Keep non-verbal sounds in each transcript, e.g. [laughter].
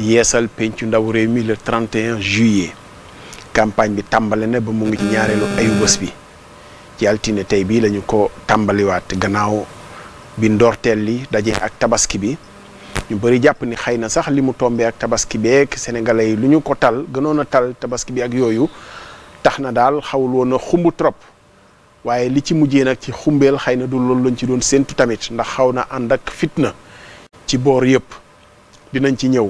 yeesal pencu ndaw réew mi le 31 juillet campagne bi tàmbale na ba mu ngi ci ñaareelu ayu bés bi ci altine tey bii lañu ko tàmbaliwaat gannaaw bi ndoorteel li daje ak tabaski bi ñu bëri jàpp ni xëy na sax li mu tombee ak tabaski beeg sénégalais yi lu ñu ko tal gënoon a tal tabaski bi ak yooyu tax na daal xawul woon a xumb trop waaye li ci mujjee nag ci xumbeel xëy na du loolu lañ ci doon séentu tamit ndax xaw na ànd ak fitna ci boor yëpp dinañ ci ñëw.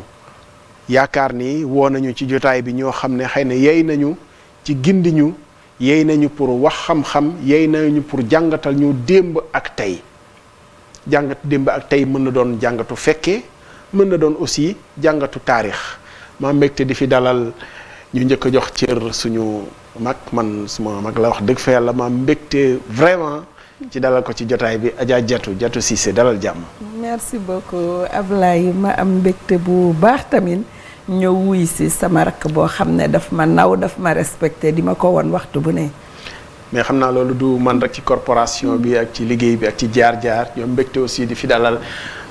yaakaar ni woo nañu ci jotaay bi ñoo xam ne xëy na yey nañu ci gindi ñu yey nañu pour wax xam-xam yey nañu pour jàngatal ñu démb ak tey jàngat démb ak tey mën na doon jàngatu fekkee mën na doon aussi jàngatu taarix ma mbégte di fi dalal ñu njëkk a jox cër suñu mag man suma mag la wax dëgg fa yàlla maa mbégte vraiment ci dalal ko ci jotaay bi ajaa jatu Diatou Cissé dalal jàmm. merci beaucoup Ablaye ma am mbégte bu baax tamit. ñëw wuy si sama rakk boo xam ne dafa ma naw dafa ma respecté di ma ko won waxtu bu ne. mais xam naa loolu du man rek ci corporation bi ak ci liggéey bi ak ci jaar-jaar ñoom mbégte aussi di fi dalal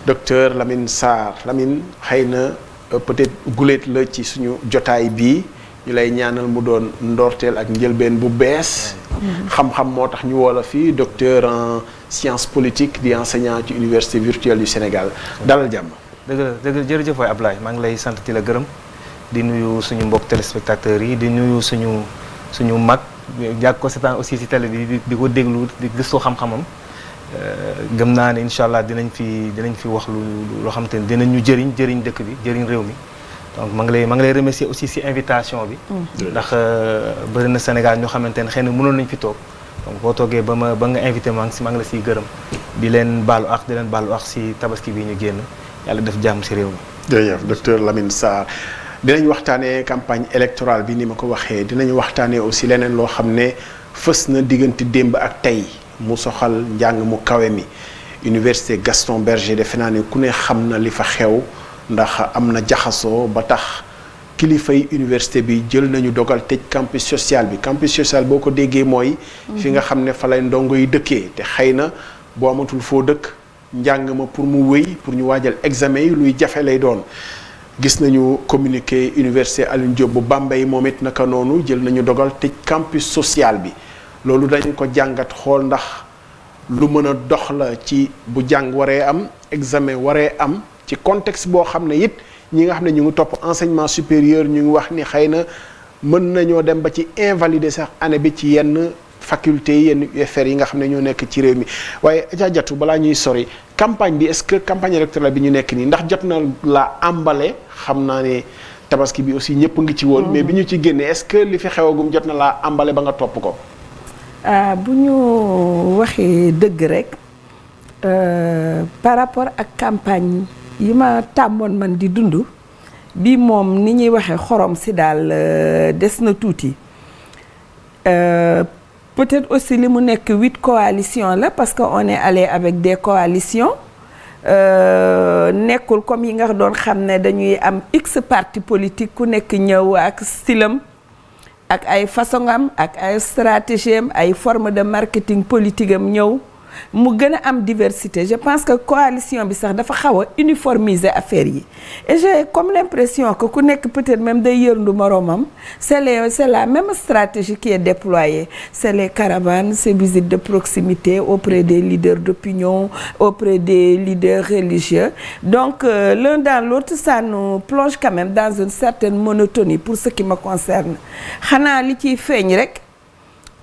docteur Lamine Sarr lamin xëy na euh, peut-être guléet la ci suñu jotaay bii ñu lay ñaanal mu doon ndoorteel ak njëlbeen bu bees. Mm-hmm. xam-xam moo tax ñu woo la fii docteur en sciences politiques di enseignant ci université virtuelle du Sénégal dalal jàmm. dëgg la dëgg la jërëjëf waay Ablaye maa ngi lay sant di la gërëm di nuyu suñu mbokk téléspectateurs yi di nuyu suñu suñu mag jàkk ko seetaan aussi si télé bi di ko déglu di gëstu xam-xamam euh, gëm naa ne incha allah dinañ fi dinañ fi wax lu loo xam te ne dinañ ñu jëriñ jëriñ dëkk bi jëriñ réew mi donc ma ngi lay ma ngi aussi si invitation bi mm. ndax euh, bëri na Sénégal ñoo xamante ne xëy na mënoon nañ fi toog donc boo toogee ba ma ba nga invité ma ngi si ma ngi la siy gërëm di leen baalu ak di si tabaski bi ñu génn yàlla def jàmm si réew mi. jërëjëf docteur Lamine Sarr dinañ waxtaanee campagne électorale bi ni ma ko waxee dinañu waxtaanee aussi leneen loo xam ne fës na diggante démb ak tey mu soxal njàng mu kawe mi. Université Gaston Berger defe naa ne ku ne xam na li fa xew ndax am na jaxasoo ba tax kilifay université bi jël nañu dogal tëj campus social bi campus sociale boo ko déggee mooy. Mm-hmm. fi nga xam ne fa lay ndongo yi dëkkee te xëy na boo amatul foo dëkk. njàng ma pour mu wéy pour ñu waajal examen yi luy jafe lay doon gis nañu communiqué université Alioune Diop bu Bambey moom it naka noonu jël nañu dogal tëj campus sociale bi loolu dañ ko jàngat xool ndax lu mën a dox la ci bu jàng waree am examen waree am ci contexte boo xam ne it ñi nga xam ne ñu ngi topp enseignement supérieur ñu ngi wax ni xëy na mën nañoo dem ba ci invalider sax année bi ci yenn faculté yi yenn UFR yi nga xam ne ñoo nekk ci réew mi waaye jaajatu balaa ñuy sori campagne bi est-ce que campagne électorale bi ñu nekk nii ndax jot na laa àmbale xam naa ne tabaski bi aussi ñëpp ngi ci woon. mais bi ñu ci génnee est-ce que li fi xewagum jot na laa ambale ba nga topp ko. Euh, bu ñu waxee dëgg rek euh, par rapport ak campagne yi ma tàmmoon man di dund bi moom ni ñuy waxee xorom si daal euh, des na tuuti. peut-être aussi li mu nekk huit coalitions la parce que on est allé avec des coalitions euh, nekkul comme yi nga doon xam ne dañuy am x parti politique ku nekk ñëw ak stylam ak ay façon am ak ay stratégie ay forme de marketing politique am ñëw mu gën a am diversité je pense que coalition bi sax dafa xaw a uniformiser affaire yi et j'ai comme l'impression ko ku nekk peut-être même day yërndu moroomam c'est les c'est la même stratégie qui est déployée c'est les caravanes ces visites de proximité auprès des leaders d'opinion auprès des leaders religieux donc euh, l'un dans l'autre ça nous plonge quand même dans une certaine monotonie pour ce qui me concerne xanaa li ciy feeñ rek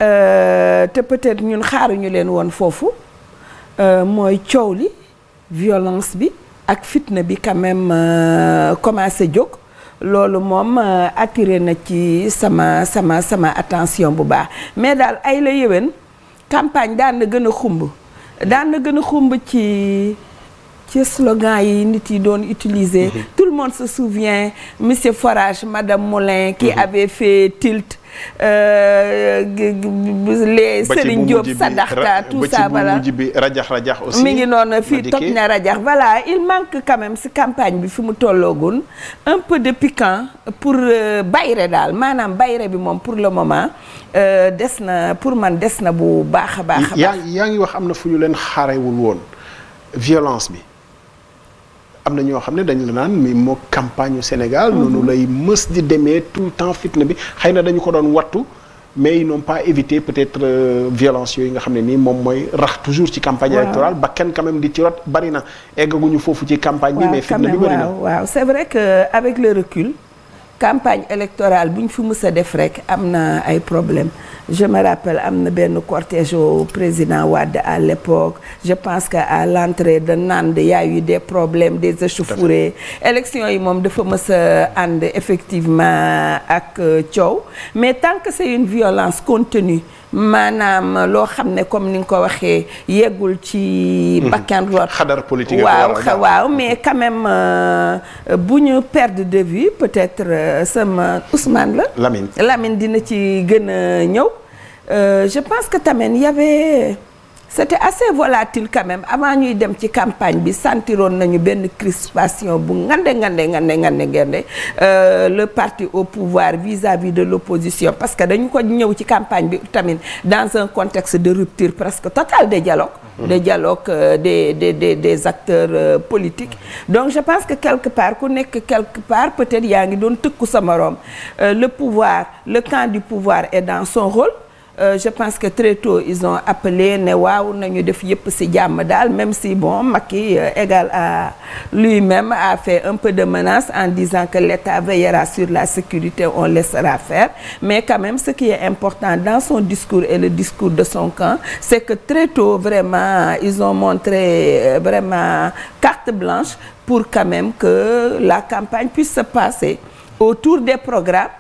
Euh, te peut-être ñun xaaruñu leen woon foofu euh, mooy coow li violence bi ak fitna bi quand même euh, commencé jóg loolu moom attiré na ci sama sama sama attention bu baax mais daal ay la yéwén campagne daan na gën a xumb daan na gën a xumb ci ci slogan yi nit yi doon utiliser mm-hmm. tout le monde se souvient monsieur Forage madame Moulin qui mm-hmm. avait fait tilt les euh, euh, Serigne Diop Sadakta tout ça voilà ba bi rajax rajax aussi mi ngi noonu fii toj na rajax voilà il manque quand même si campagne bi fi mu tolloogoon un peu de piquant pour euh, bayre daal maanaam bayre bi moom pour le moment des na pour man des na bu baax a baax a baax yaa ngi wax am na fu ñu leen xarewul woon violence bi am na ñoo xam ne dañu la naan mi moo campagne Sénégal mhm. noonu lay mës di demee tout le temps fitna bi xay na dañu ko doon wattu mais ils n'ont pas évité peut-être euh, violence yooyu nga xam ne nii moom mooy rax toujours ci campagne électorale ba kenn quand di ci rot bari na eggaguñu foofu ci campagne bi mais fitna bi bari na waaw c'est vrai que euh, avec le recul campagne électorale bu ñu fi mës a def rek am na ay problème je me rappelle am na benn cortège président Wade à l'époque je pense que à l'entrée de Nande y a eu des problèmes des échauffourées élection yi moom dafa mës a ànd effectivement ak euh, cow mais tant que c'est une violence contenue maanaam loo xam ne comme ni nga ko waxee yeggul ci mhm. bakkan root xadar politique waaw waaw mais quand même euh, bu ñu perdre de vue peut-être euh, sama Ousmane la Lamine Lamine dina ci gën a ñëw euh, je pense que tamit y avait c'était assez volatile quand même avant ñuy dem ci campagne bi sentiroon nañu benn crispation bu ngande ngande ngande ngande ngande euh, le parti au pouvoir vis-à-vis de l'opposition parce que dañu ko ñëw ci campagne bi tamit dans un contexte de rupture presque totale des dialogues mmh. des dialogues euh, des des des des acteurs euh, politiques mmh. donc je pense que quelque part ku nekk quelque part peut-être yaa ngi doon tëkku sa moroom le pouvoir le camp du pouvoir est dans son rôle Euh, je pense que très tôt ils ont appelé ne waaw nañu def yëpp si jàmm daal même si bon Macky euh, égal à lui-même a fait un peu de menace en disant que l'État veillera sur la sécurité on laissera faire mais quand même ce qui est important dans son discours et le discours de son camp c'est que très tôt vraiment ils ont montré euh, vraiment carte blanche pour quand même que la campagne puisse se passer autour des programmes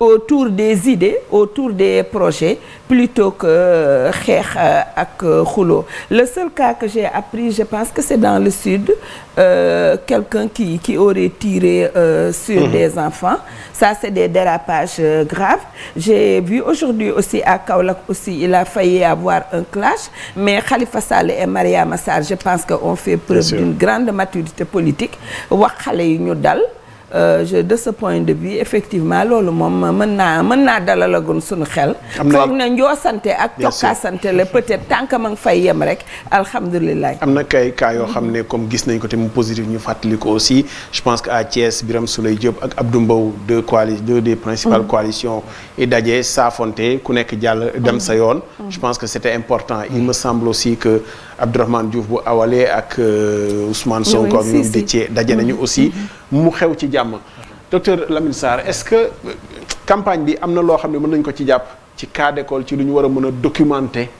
autour des idées autour des projets plutôt que euh, xeex euh, ak euh, xuloo le seul cas que j'ai appris je pense que c'est dans le sud euh, quelqu'un qui qui aurait tiré euh, sur mmh. des enfants ça c'est des dérapages euh, graves j'ai vu aujourd'hui aussi à Kaolack aussi il a failli avoir un clash mais Khalifa Sall et Mariama Sarr je pense que on fait preuve d'une grande maturité politique wax xale yi ñu dal Euh, je de ce point de vue effectivement loolu moom mën naa mën naa dalalagoon suñu xel. foog na njoo sante ak. tokkaa sante la peut-être tant que ma ngi fay yem rek alhamdulilah. am na kay cas yoo xam ne comme gis nañ ko te mu positif ñu fàttali ko aussi je pense que à biram Birame Souleye Diop ak Abdou Mbow deux coali deux des principales mmh. coalitions. daje saafonte ku nekk jàll dem sa yoon je pense que c'était important il me semble aussi que Abdourahmane Diouf bu awalee ak euh, Ousmane Sonko ak ñoom ci daje nañu mm-hmm. aussi mm-hmm. mu xew ci jàmm docteur Lamine Sarr est-ce que euh, campagne bi am na loo xam ne mën nañ ko ci jàpp ci cas d'école ci lu ñu war a mën a documenter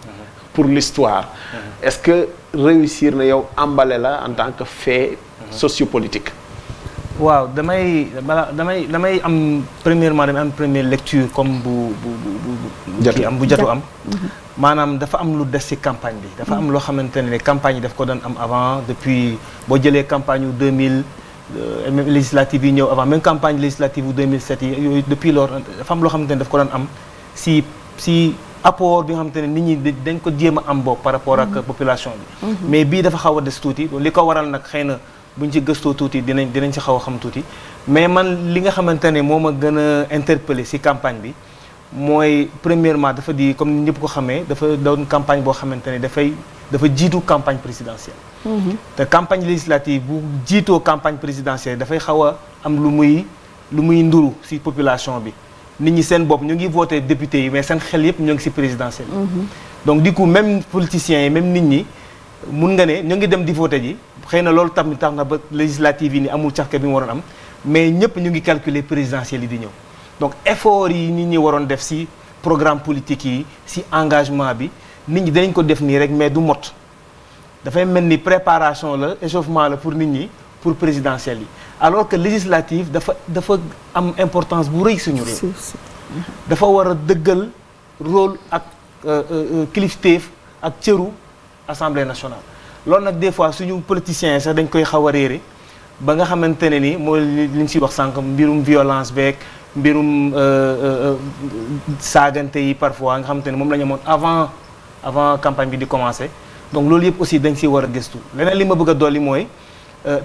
pour l'histoire mm-hmm. est-ce que réussir na yow emballé la en tant que fait politique waaw damay balaa damay damay am premièrement damay am première lecture comme bu bu bu bu. am bu jatu am. Mhm. maanaam dafa am lu des ci campagne bi. dafa am mhm. loo xamante ne campagne yi daf ko doon am avant depuis boo jëlee campagne yu 2000 euh, même législative yi ñëw avant même campagne législative yu 2007 yi yooyu depuis lors dafa am loo xamante ne daf am si si. apport bi nga xamante ne nit ñi dañ ko jéem a am bopp par rapport ak mhm. population bi mais bii dafa xaw a des tuuti li ko waral nag xëy na buñ ci gëstoo tuuti dinañ dinañ ci xaw a xam tuuti mais man li nga xamante ne moo ma gën a interpellé ci campagne bi mooy premièrement dafa di comme ñëpp ko xamee dafa doon campagne boo xamante ne dafay dafa jiitu campagne présidentielle. Mhm. te campagne législative bu jiitoo campagne présidentielle dafay xaw a am lu muy lu muy nduru ci population bi nit ñi seen bopp ñu ngi voté député yi mais seen xel yëpp ñoo ngi ci présidentielle. Mhm. donc di coup même politiciens yi même nit ñi mun nga ne ñoo ngi dem di voté ji. xëy na loolu tamit tax na ba législative yi ni amul caxka bi mu waroon am mais ñëpp ñu ngi calculer présidentielle yi di ñëw donc effort yi nit ñi waroon def si programme politique yi si engagement bi nit ñi danañ ko def nii rek mais du mott dafay mel ni préparation la échauffement la pour nit ñi pour présidentielle yi alors que législative dafa dafa am importance bu rëy suñu réew dafa war a dëggal rôle ak euh, euh, euh, kilifteef ak cëru assemblée nationale loolu nag des fois suñu politiciens sax dañ koy xaw a réere ba nga xamante ne ni mooy liñ si wax sànq mbirum violence beeg mbirum euh, euh, euh, saagante yi parfois nga xamante ne moom lañu ñu amoon avant avant campagne bi di commencer donc loolu yëpp aussi dañ si war a gëstu leneen li ma bëgg a dolli mooy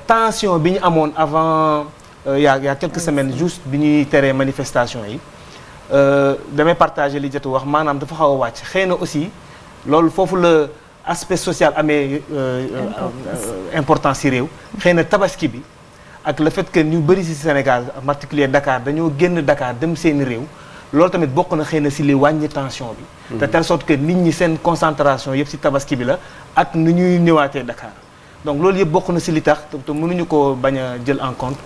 tension bi ñu amoon avant yaa yaa quelques semaines juste bi ñuy teree manifestation yi damay partage li jotu wax maanaam dafa xaw a wàcc xëy na aussi loolu foofu la. aspect social amee euh, euh, euh, important si réew xëy na tabaski bi ak la fait que ñu bëri si Sénégal en particulier Dakar dañoo génn dakaar dem seen réew loolu tamit bokk na xëy na si li wàññi tension bi hmm. de telle sorte que nit ñi seen concentration yëpp si tabaski bi la ak ni ñuy ñëwaatee Dakar donc loolu yëpp bokk na si li tax te mënuñu ko bañ a jël en compte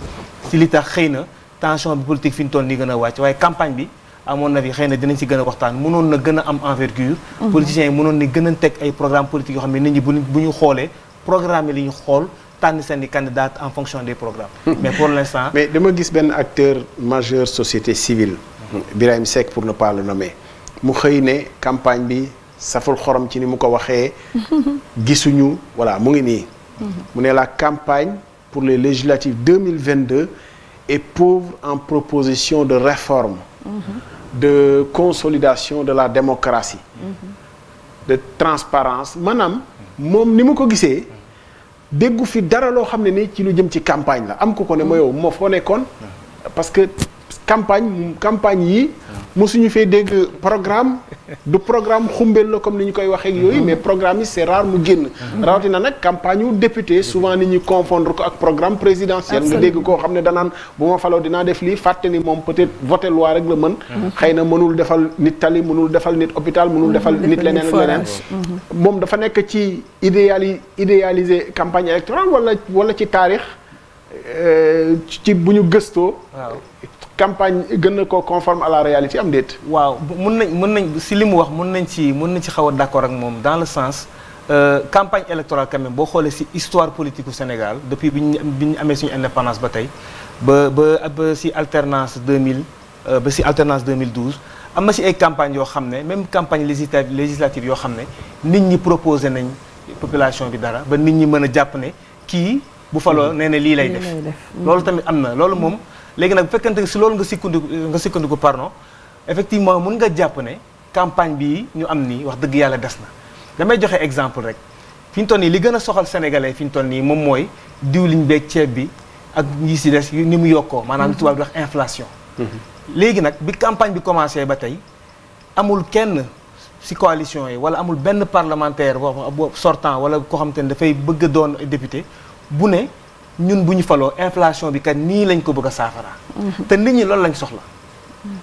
ci li tax xëy na tension bi politique fi ñu toll nii gën a wàcc waaye campagne bi amoon na avis xëy na dinañ si gën a waxtaan mënoon na gën a am envergure mhm. politiciens yi mënoon ni gën a teg ay programme politique yoo xam ne nit ñi bu ñu xoolee programme yi li ñu xool tànn seen i candidat en fonction des programmes mhm. mais pour l'instant mais dama gis benn acteur majeur société civile mhm. Birahim Seck pour ne pas le nommer mu xëy ne campagne bi saful xorom ci ni mu ko waxee [laughs] gisuñu voilà mu ngi nii mu ne la campagne pour les législatives 2022 est pauvre en proposition de réforme de consolidation de la démocratie de transparence maanaam moom ni mu ko gisee déggu fi dara loo xam ne ni ci lu jëm ci campagne la am ku ko ne ma yow moo foo nekkoon parce que campagne campagne yi mosuñu fee dégg programme du programme xumbeel la comme ni ñu koy waxee ak yooyu mais programme yi c'est mu génn. Mhm. rawatina nag campagne wu député souvent ni ñi confondre ko ak programme présidentiel. nga dégg koo xam ne danaan bu ma faloo dinaa def lii fàtte ni moom peut-être voté loi rek la mën. Mhm. xëy na mënul defal nit tali mënul defal nit hôpital mënul mhm. defal nit leneen ak leneen. moom dafa nekk ci idéali idéaliser campagne électorale walla wala ci taarix euh, ci bu campagne gën na ko conforme à la réalité am déet. waaw mën nañ mën nañ si li mu wax mën nañ si mën nañ ci xaw a d'accord ak moom dans le sens euh, campagne électorale quand boo xoolee si histoire politique u Sénégal depuis bi ñu bi ñu amee suñu indépendance ba tey ba ba ba si alternance 2000 euh, ba si alternance 2012 am na si ay campagnes yoo xam ne même campagne législative législative yoo xam ne nit ñi proposé nañ population bi dara ba nit ñi mën a jàpp ne kii bu faloo nee na lii lay def loolu tamit am na loolu moom. léegi nag bu fekkante si loolu nga sikkandiku nga sikkandiku pardon effectivement mun nga jàpp ne campagne bi ñu am nii wax dëgg yàlla des na damay joxe exemple rek fi ñu toll nii li gën a soxal sénégalais fi ñu toll nii moom mooy diwliñ beeg ceeb bi ak ñi si des ni mu yokkoo maanaam li tubaab di wax inflation mhm. léegi nag bi campagne bi commencé ba tey amul kenn si coalition yi wala amul benn parlementaire boo sortant wala koo xam te ne dafay bëgg a doon député bu ne ñun bu ñu faloo inflation bi kat nii lañ ko bëgg a saafaraa. Mhm. te nit ñi loolu lañ soxla.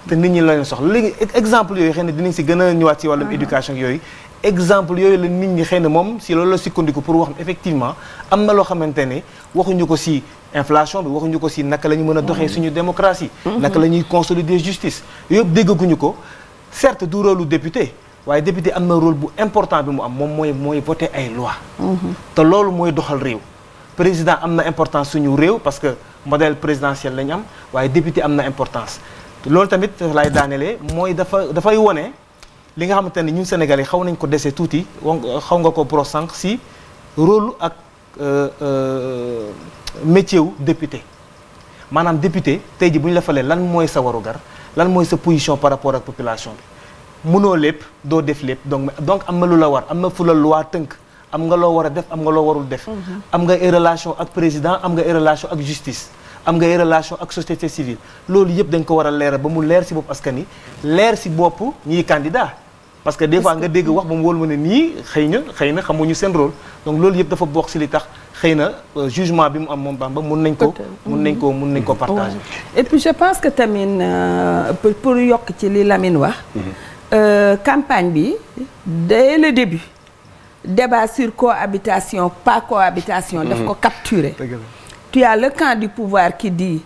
te nit ñi loolu lañ soxla léegi exemple yooyu xëy na dinañ si gën a ñëwaat ci wàllum mhm. éducation yooyu. exemple yooyu la nit ñi xëy na moom si loolu la sukkandiku pour wax effectivement am na loo xamante ne waxuñu ko si inflation bi waxuñu ko si naka la ñu mën a doxee mhm. suñu démocratie. naka la ñuy consolider justice. yëpp déggaguñu ko certes du rôle lu député. waaye député am na rôle bu important bi mu am moom mooy mooy voter ay loi te loolu mooy doxal réew président am na importance suñu réew parce que modèle présidentiel lañu am waaye député am na importance loolu tamit laay daanelee mooy dafa dafay wone li nga xamante ne ñun Sénégalais xaw nañ ko dese tuuti xaw nga ko pro sànq si rôle ak euh, euh, métier wu député maanaam député tey ji bu ñu la falee lan mooy sa warugar lan mooy sa position par rapport ak population bi mënoo lépp doo def lépp donc donc am na lu la war am na fula la loi tënk am nga loo war a def am nga loo warul def. Mhm. am nga ay relation ak président am nga ay relation ak justice. am nga ay relation ak société civile loolu yëpp dañ ko war a leer ba mu leer si bopp askan yi leer si bopp ñiy candidat parce que des fois nga dégg wax ba mu wóolu ma ne nii xëy na xëy na xamuñu seen rôle donc loolu yëpp dafa bokk si li tax xëy na euh, jugement bi mu am moom Bamba mun nañ ko mun nañ ko mun nañ ko partager et puis je pense que tamit euh, pour yokk ci li Lamine wax mhm. euh, campagne bi dès le débat sur cohabitation pas cohabitation daf ko mhm. capturer tu as le camp du pouvoir qui dit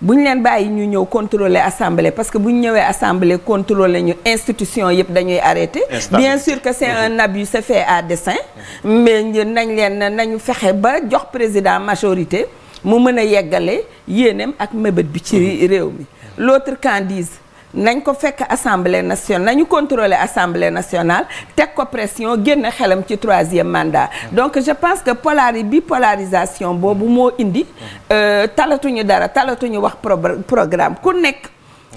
bu ñu leen bàyyi ñu ñëw contrôler assemblée parce que bu ñu ñëwee assemblée contrôler ñu institution yëpp dañuy arrêté bien sur que c'est un mhm. abus c'est fait à dessein mais nañ leen nañu fexe ba jox président majorité mu mën a yeggale yéeneem ak mébét bi ci mhm. réew mi l'autre camp disent nañ ko fekk assemblée nationale nañu contrôler assemblée nationale teg ko pression génn xelam ci troisième mandat. donc je pense que polari bi polarisation boobu moo indi. Euh, talatuñu dara talatuñu wax programme ku nekk.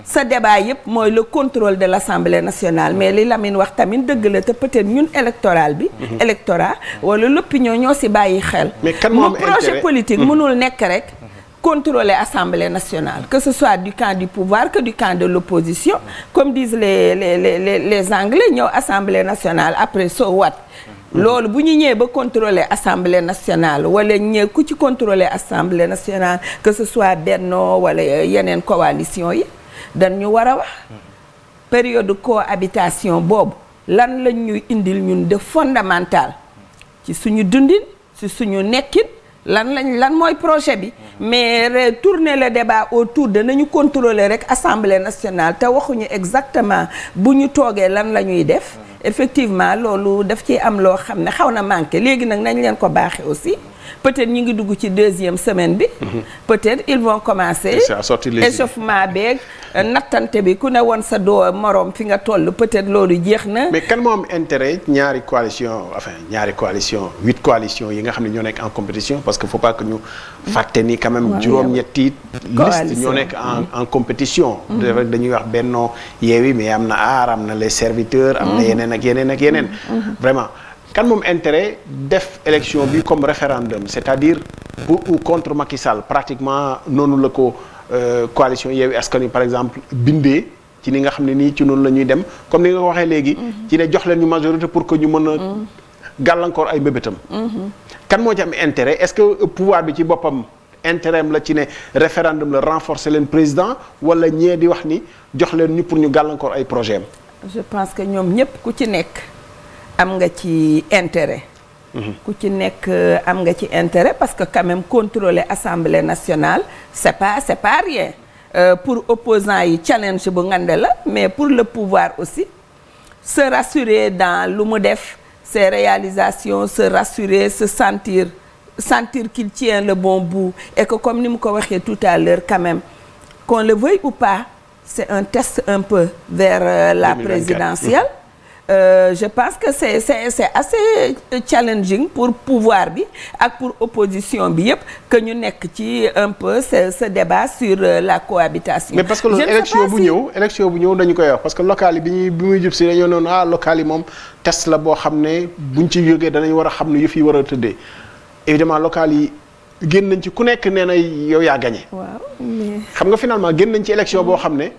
sa débat yëpp mooy le contrôle de l' assemblée nationale mais li Lamine wax tamit dëgg la te peut ñun électoral bi. Mhm. électorat wala l'opinion ñoo si bàyyi xel. mais kan moo projet politique mënul mhm. nekk rek. Mhm. contrôler l'Assemblée nationale, que ce soit du camp du pouvoir que du camp de l'opposition. Comme disent les, les, les, les Anglais, nous, Assemblée nationale, après so what loolu bu ñu ñëwee ba contrôler assembler nationale wala ñëw ku ci contrôler assemblée nationale que ce soit Benno wala yeneen coalition yi dañ ñu war a wax période de cohabitation boobu lan lañ ñuy indil ñun def fondamental ci suñu dundin ci suñu nekkin lan lañ lan mooy projet bi mais tourner le débat autour de nañu contrôler rek assembler nationale te waxuñu exactement bu ñu toogee lan la ñuy def effectivement loolu daf ci am loo xam ne xaw na manqué léegi nag nañ leen ko baaxee aussi peut-être ñu ngi dugg ci deuxième semaine bi. Mhm. peut-être ils vont commencer. échauffement beeg euh, nattante bi ku ne woon sa doo moroom fi nga toll peut-être loolu jeex na. mais kan moo am ñaari coalition enfin ñaari coalition huit coalition yi nga xam ne ñoo nekk en compétition parce que faut pas que ñu fàtte ni quand juróom-ñetti. liste ñoo nekk en mhm. en compétition. Mhm. dañuy wax Benno Yewwi mais am na Aar am na les serviteurs. am na yeneen ak yeneen ak yeneen. vraiment. kan moom intérêt def élection bi comme référendum c'est-à-dire pour ou contre Macky pratiquement noonu la ko euh, coalition Yewwi Askan ni par exemple bindee ci ni nga xam ne nii ci noonu la ñuy dem comme ni nga ko waxee léegi. Mhm. ci ne jox leen ñu majorité pour que ñu mën a. Mhm. gàllankoor ay mbébétam. Mhm. kan moo ci am intérêt est-ce que pouvoir bi ci boppam intérêt am la ci ne référendum la renforcer leen président walla ñee di wax ni jox leen ñu pour ñu gàllankoor ay projet je pense que ñoom ñëpp ku ci nekk. am nga ci intérêt. Mhm. ku ci nekk euh, am nga ci intérêt parce que quand même contrôler assemblée nationale c'est pas c'est pas rien euh, pour opposant yi challenge bu ngande la mais pour le pouvoir aussi se rassurer dans lu mu def ses réalisations se rassurer se sentir sentir le bon bout et que comme ni mu ko waxee tout à l'heure quand même qu'on le veuille ou pas c'est un test un peu vers euh, la 2024. Euh, je pense que c'est c'est c'est assez euh, challenging pour pouvoir bi ak pour opposition bi yëpp que ñu nekk ci un peu ce, ce débat sur euh, la cohabitation. mais parce que loolu élection bu ñëw élection bu ñëw dañu koy wax parce que local yi bi ñuy bi muy jub si dañoo noonu ah local yi moom test la boo xam ne buñ ci jógee danañ war a xam ne yëf yi war a tëddee évidemment local yi. génn nañ ci ku nekk nee na yow yaa gagné. waaw mais xam nga finalement génn nañ ci élection boo mm. xam ne.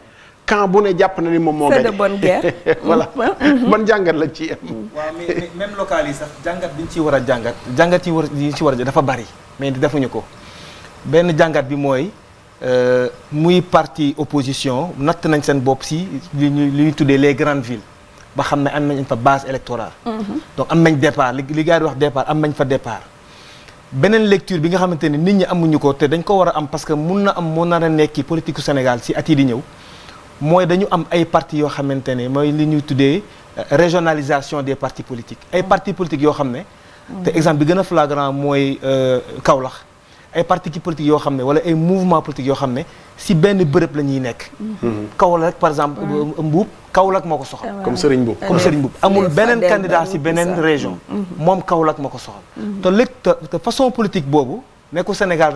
camp bu ne jàpp na ni moom moo. c'est de bonne guerre [laughs] voilà [laughs] ban jàngat lañ ci am. waaw mais yi sax jàngat bi ñu ciy war a jàngat jàngat yi war yi ci war a dafa bari mais defuñu ko benn jàngat bi mooy euh, muy parti opposition natt nañ seen bopp si li ñu li ñuy tuddee les grande ville ba xam ne am nañ fa base électorale. Mhm. donc am nañ départ li li gars yi wax départ am nañ fa départ. beneen lecture bi nga xamante ne nit ñi amuñu ko te dañ ko war a am parce que mun na am moo na a nekk ci Sénégal si at yi di ñëw. mooy dañu am ay parti yoo xamante ne mooy li ñuy tuddee euh, régionalisation des partis politiques ay parti politiques yoo xam ne te mm-hmm. exemple bi gën a flagrant mooy euh, Kaolack ay parti politique yoo xam ne wala ay mouvement politique yoo xam ne si benn bërëb la ñuy nekk mm-hmm. Kaolack rek par exemple euh, Mbuub Kaolack moo ko soxal comme Serigne Mbuub comme amul beneen candidat si beneen région mm-hmm. moom Kaolack moo ko soxal te léegi te façon politique boobu nekku Sénégal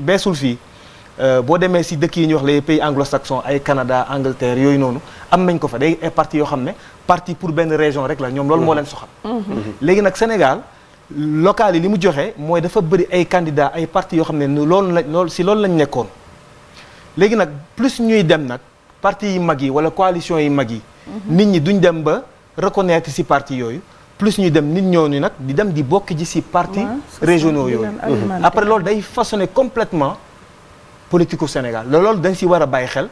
beesul fii Euh, boo demee si dëkk yi ñuy wax les pays anglo-saxons ay Canada Angleterre yooyu noonu am nañ ko fa day ay parti yoo xam ne parti pour benn région rek la ñoom loolu moo mhm. leen soxal mhm. Mhm. léegi nag Sénégal local yi li mu joxe mooy dafa bëri ay candidats ay parti yoo xam ne loolu la loolu si lool lañu nekkoon léegi nag plus ñuy dem nag parti yi mag yi wala coalition yi mag yi nit ñi duñ dem ba reconnaître si parti yooyu plus ñu dem nit ñooñu nag di dem di bokk ji si parti régionaux yooyu après loolu day façonné complètement politiku Sénégal loolu dañ si war a bàyyi xel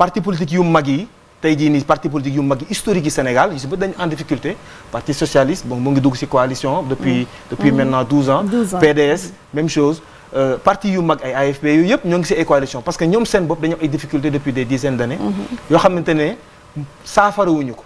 parti politique yu mag yi tey jii nii parti politique yu mag yi historique yi Sénégal yu si bëri dañu en difficulté parti socialiste bon mu ngi dugg si coalition depuis mm. depuis mm. maintenant 12 ans PDS même chose euh, parti yu mag ay AFP yooyu yëpp ñoo ngi si ay coalition parce que ñoom seen bopp dañu am ay difficulté depuis des dizaines d'années mm-hmm. yoo xamante ne saafarawuñu ko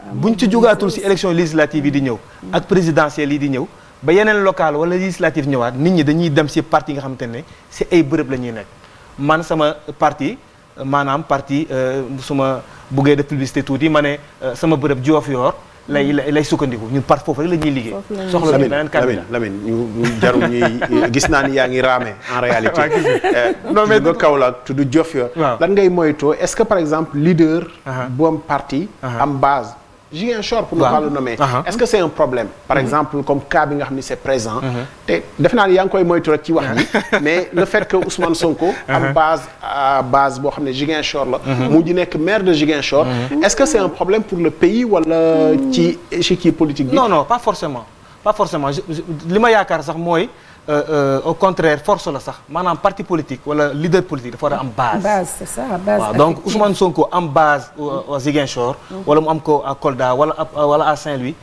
ah, buñ ci jugaatul si élection législative yi di ñëw mm. ak présidentielle yi di ñëw ba yeneen local wala législative ñëwaat nit ñi dañuy dem si parti yi nga xamante ne si ay bërëb la ñuy nekk man sama parti euh, maanaam parti euh, su ma buggee de publicité tuuti ma ne euh, sama bërëb joof yoor lay mm. lay sukkandiku ñun par foofu rek la ñuy liggéey. soxla nañu beneen candidat Lamine ñu jaru ñuy gis naa ni yaa ngi raame en réalité. [laughs] non mais tudd Kaolack tudd Diofior. lan ngay moytoo est-ce que par exemple leader. bu am parti. am base. Ziguinchor pour ne pas le nommer est-ce que c'est un problème par mhm. exemple comme cas bi ni c'est présent mhm. te naa ni yaa ngi koy moytu rek ci wax bi [laughs] mais le fait que Ousmane Sonko am base base boo xam ne Ziguinchor la mhm. mu di nekk maire de Ziguinchor est-ce que c'est un problème pour le pays wala ci échiquier politique bi non pas forcément pas forcément li ma yaakaar sax mooy Euh, euh, au contraire force la sax maanaam parti politique wala leader politique dafa war a am base. base c'est ça base waaw donc Ousmane Sonko am base à Ziguinchor. Mm-hmm. wala mu am ko à Kolda wala wala à Saint-Louis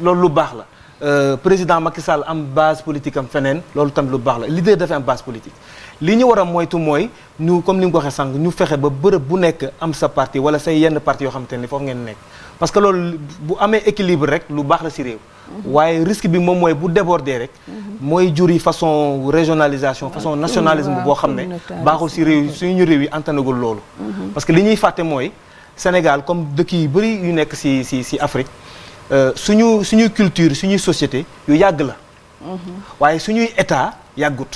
loolu lu baax la. Euh, président Macky Sall am base politique am feneen loolu tamit lu baax la leader dafa am base politique li ñu war a moytu mooy ñu comme ni nga ko waxee sànq ñu fexe ba bërëb bu nekk am sa parti wala say yenn parti yoo xamante ne foofu ngeen nekk. parce que loolu bu amee équilibre rek lu baax la si réew. waaye risque bi moom mooy bu déborder rek. mooy juri façon régionalisation façon nationalisme boo xam ne baaxul ci réew suñu réew yi antanagul loolu. Mm-hmm. parce que li ñuy fàtte mooy Sénégal comme dëkk yi bëri yu nekk si ci ci Afrique euh, suñu suñuy culture suñuy société yu yàgg la. Mm-hmm. waaye suñuy état yàggut.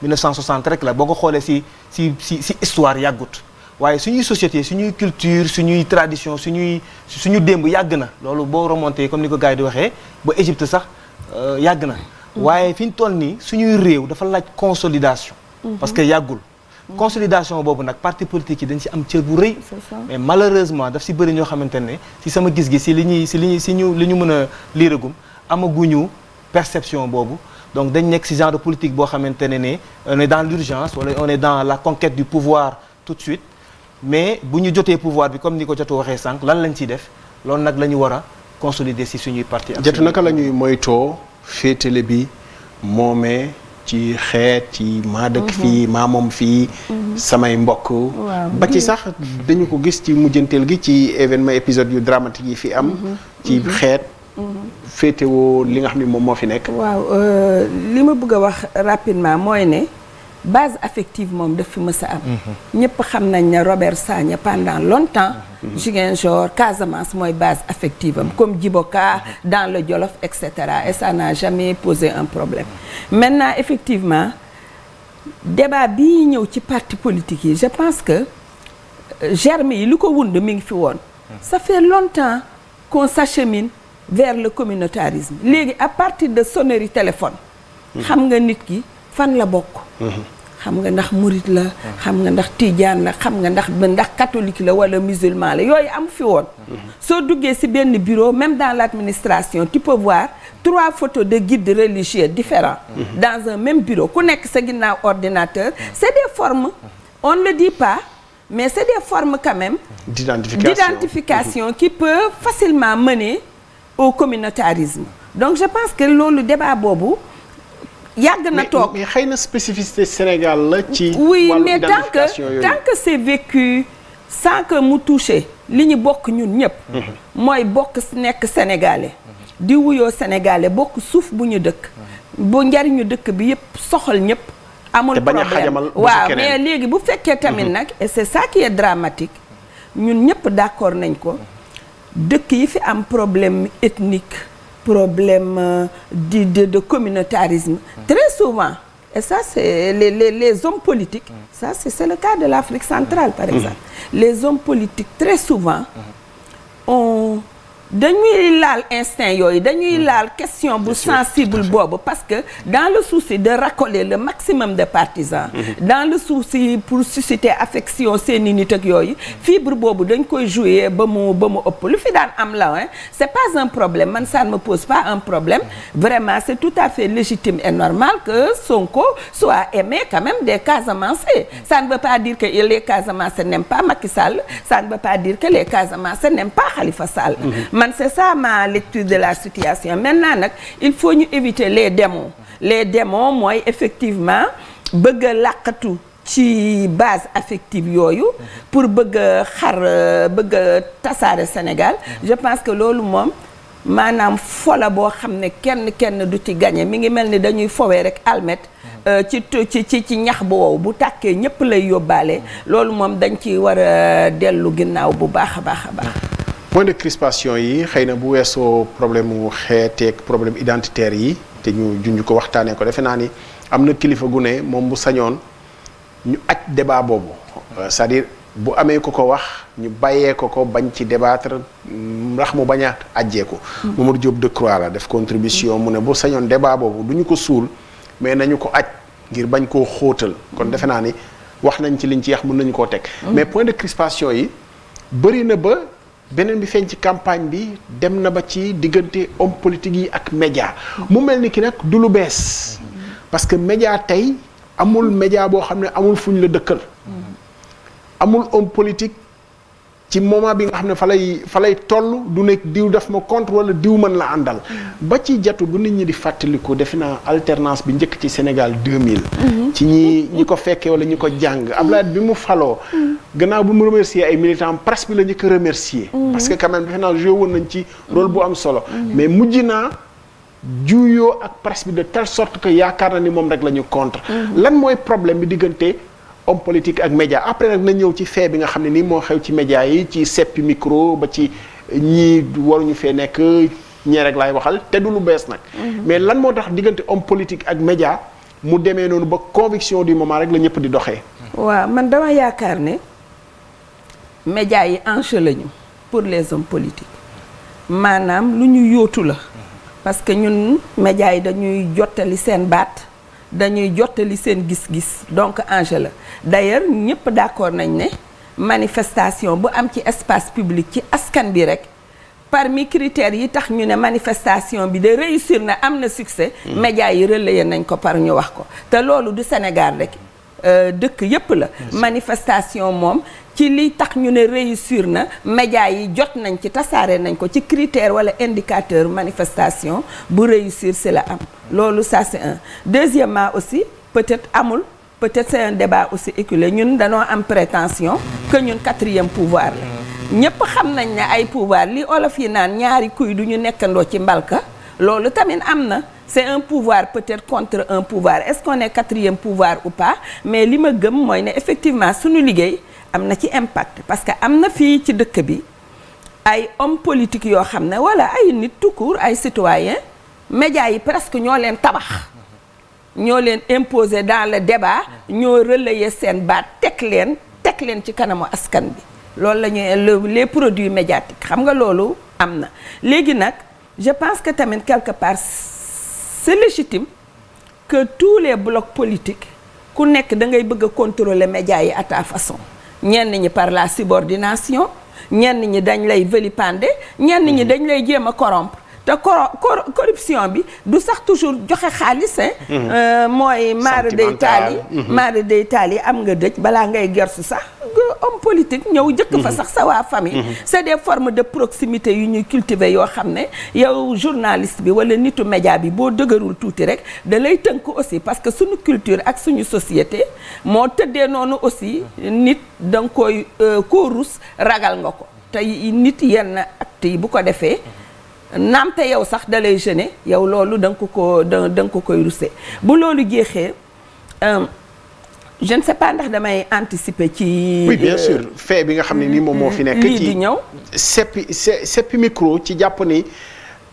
1960 mm-hmm. rek la boo ko xoolee si si si histoire yàggut. waaye suñuy société suñuy culture suñuy tradition suñuy suñu démb yàgg na loolu boo remonté comme ni ko gars di waxee ba Égypte sax euh, yàgg na mm-hmm. waaye fi ñu toll nii suñuy réew dafa laaj consolidation mm-hmm. parce que yàggul mm-hmm. consolidation boobu nag parti politique yi dañ si am cër bu rëy mais malheureusement daf si bëri ñoo xamante ne si sama gis gi si li ñuy si li ñuy si ñu li ñu mën a liiragum amaguñu perception boobu donc dañ nekk si genre politique boo xamante ne ne on est dans l'urgence wala on la conquête du pouvoir tout de mais bu ñu jotee pouvoir bi comme ni ko jotoo waxee sànq lan lañ ciy def loolu nag la ñu war a consolider si suñuy parti ak jot naka la ñuy moytoo féetale bi moomee ci xeet ci maa dëkk mhm. fii maa moom fii mhm. samay mbokk ba ci mhm. sax dañu ko gis ci mujjanteel gi ci événement épisode yu dramatique yi fi am ci xeet féetewoo li nga xam ni moom moo fi nekk waaw euh, li ma bëgg a wax rapidement mooy ne base affective moom daf fi mës a am. Mhm. ñëpp xam nañ ne Robert Sagna pendant longtemps. Mhm. Mhm. Ziguinchor Casamance mooy base affective am comme Djiboka dans le Jolof et cetera et ça n'a jamais posé un problème maintenant effectivement débat bi ñëw ci parti politique yi je pense que euh, germe yi lu ko wund mi ngi fi woon. ça fait longtemps sa chemine vers le communautarisme léegi à partir de sonnerie téléphone. xam nga nit ki. fan la bokk xam nga ndax murit la xam nga ndax tiijaan la xam nga ndax ndax catholique la wala musulman la yooyu am fi woon soo duggee si benn bureau même dans l'administration tu peux trois photos de guides religieux différents dans même bureau ku nekk sa ginnaaw ordinateur c'est des formes on ne le mais c'est des formes quand même d'identification qui peut facilement mener au communautarisme donc je pense que loolu débat boobu yàgg na toog mais xëy na spécificité Sénégal la. ci oui mais tant que tant que c'est mu touché li ñu bokk ñun ñëpp. Mhm. mooy bokk nekk sénégalais. di wuyoo sénégalais bokk suuf bu ñu dëkk. Mhm. bu njariñu dëkk bi yëpp soxal ñëpp. amul problème waaw mais léegi bu fekkee tamit mhm. nag et c'est ça dramatique ñun ñëpp d'accord nañ ko dëkk yi fi am problème ethnique. problème euh, de, de, de communautarisme. Mmh. Très souvent, et ça c'est les, les, les, hommes politiques, mmh. ça c'est le cas de l'Afrique centrale par mm. exemple, les hommes politiques très souvent mm. ont dañuy laal instinct yooyu dañuy mm. laal question bu sensible boobu parce que dans le souci de racoler le maximum de partisans mm-hmm. dans le souci pour susciter affection seeni nit ak yooyu fibre boobu dañ koy jouer ba mu ba mu ëpp lu fi daan am la hein c'est pas un problème man ça ne me pose pas un problème vraiment c'est tout à fait légitime et normal que Sonko soit aimé quand même des Casamançais ça ne veut pas dire que les Casamançais n'aiment pas Macky Sall ça ne veut pas dire les Casamançais n'aiment pas man c'est ça ma lecture de la situation maintenant nag il faut ñu éviter les demo les démons mooy effectivement bëgg a ci base affective yooyu pour bëgg a xar bëgg a tasaare Sénégal je pense que loolu moom maanaam fola boo xam ne kenn kenn du ci gañe mi ngi mel ni dañuy fowee rek almet euh, ci ci ci ci ñax bu wow bu tàkkee ñëpp lay yóbbaale loolu moom dañ ci war a dellu ginnaaw bu baax a baax a baax point de crispation yi xëy na bu weesoo problème mu xeeteeg problème identitaire yi te ñu juñ ko waxtaanee ko defe naa ni am na kilifa gu ne moom bu sañoon ñu aj débat boobu euh, cest à bu amee ko ko wax ñu bàyyee ko ko bañ ci débattre mm, ndax mu bañ a ajjee ko mm. Mamadou Diop Decroix la def contribution mu ne bu sañoon débat boobu du ko suul mais nañu ko aj ngir bañ koo xóotal kon defe naa ni wax nañ ci liñ ci yax mun nañu koo teg mm. mais point de crispation yi bëri na ba beneen bi feeñ ci campagne bi dem na ba ci diggante om politique yi ak média mu mel ni ki nag du lu bees parce que média tey amul média boo xam ne amul fuñ la dëkkal amul homme politique ci moment bi nga xam ne fa lay fa toll du nekk diw daf ma contre wala diw man la àndal ba ci jatu bu nit ñi di fàttaliku defe naa alternance bi njëkk ci Sénégal 2000 mhm. ci ñi ñi ko fekkee wala ñi ko jàng am Abdoulaye bi mu faloo mhm. Mhm. gannaaw bu mu remercier ay militants presse bi la ñu ko remercier parce que quand même defe naa joué woon nañ ci rôle bu am solo mais mujj naa juuyoo ak presse bi de telle sort que yaakaar na ni moom rek la ñu contre lan mooy problème bi diggante homme politique ak média après nag na ñëw ci fee bi nga xam ne nii moo xew ci média yi ci seppi micro ba ci ñii waruñu fee nekk ñee rek waxal te du lu bees nag. Mhm. mais lan moo tax diggante homme politique ak média mu demee noonu ba conviction du moment rek la ñëpp di doxee. waaw man dama yaakaar ne média yi enjeu lañu pour les hommes politiques maanaam lu ñu yootu la. Mhm. parce que ñun média yi dañuy jottali seen baat. dañuy jottali seen gis-gis donc enjeu la d'ailleurs ñëpp d'accord nañ ne manifestation bu am ci espace public ci askan bi rek parmi critères yi tax ñu ne manifestation bi de réussir na am na succès mm. médias yi relayer nañ ko par ñu wax ko te loolu du Sénégal rek euh, dëkk yëpp la manifestation moom ci li tax ñu ne réussir na média yi jot nañ ci tasaare nañ ko ci critère wala indicateur manifestation bu réussir si la am loolu ça c'est un deuxièmement aussi peut-être amul peut-être c'est un débat aussi éculé ñun danoo am prétention que ñun quatrième pouvoir la ñëpp xam nañ ne ay pouvoir li olof yi naan ñaari kuy du ñu nekkandoo ci mbalka loolu tamit am na c'est un pouvoir peut-être contre un pouvoir est-ce qu'on est quatrième pouvoir ou pas mais li ma gëm mooy ne effectivement suñu liggéey am na ci impact parce que am na fii ci dëkk bi ay homme politique yoo xam ne wala ay nit tout ay citoyen médias yi presque ñoo leen tabax ñoo leen imposer dans le débat ñoo relayer seen baat teg leen teg leen ci kanamu askan bi loolu la le les produits médiatiques xam nga loolu am na léegi nag je pense que tamit quelque part c'est légitime que tous les blocs politiques ku nekk da ngay bëgg a contrôler médias yi à façon ñenn ñi par la subordination ñenn ñi dañ lay vilipender ñenn ñi mhm. dañ lay jéem a corrompre te cor corruption bi du sax toujours joxe xaalis hein mhm. euh, mooy maara day taal yi mhm. maara day taal yi am nga dëj balaa ngay gersu sax homme politique ñëw jëkk fa mhm. sax sa waa famille c'est des formes de proximité yu ñuy cultiver yoo xam ne yow journaliste bi wala nitu média bi boo dëgërul tuuti rek dalay lay tënk aussi parce que suñu culture ak suñu société moo tëddee noonu aussi nit da nga koy euh, koo rus ragal nga ko te nit yenn acte yi bu ko defee naamte yow sax da lay gêner loolu da nga ko ko da nga ko koy ruse bu loolu jeexee euh, je ne sais pas ndax damay anticiper ci. oui bien sûr fait bi nga xam ne nii moom moo fi nekk. lii di ñëw ci seppi ci jàpp ni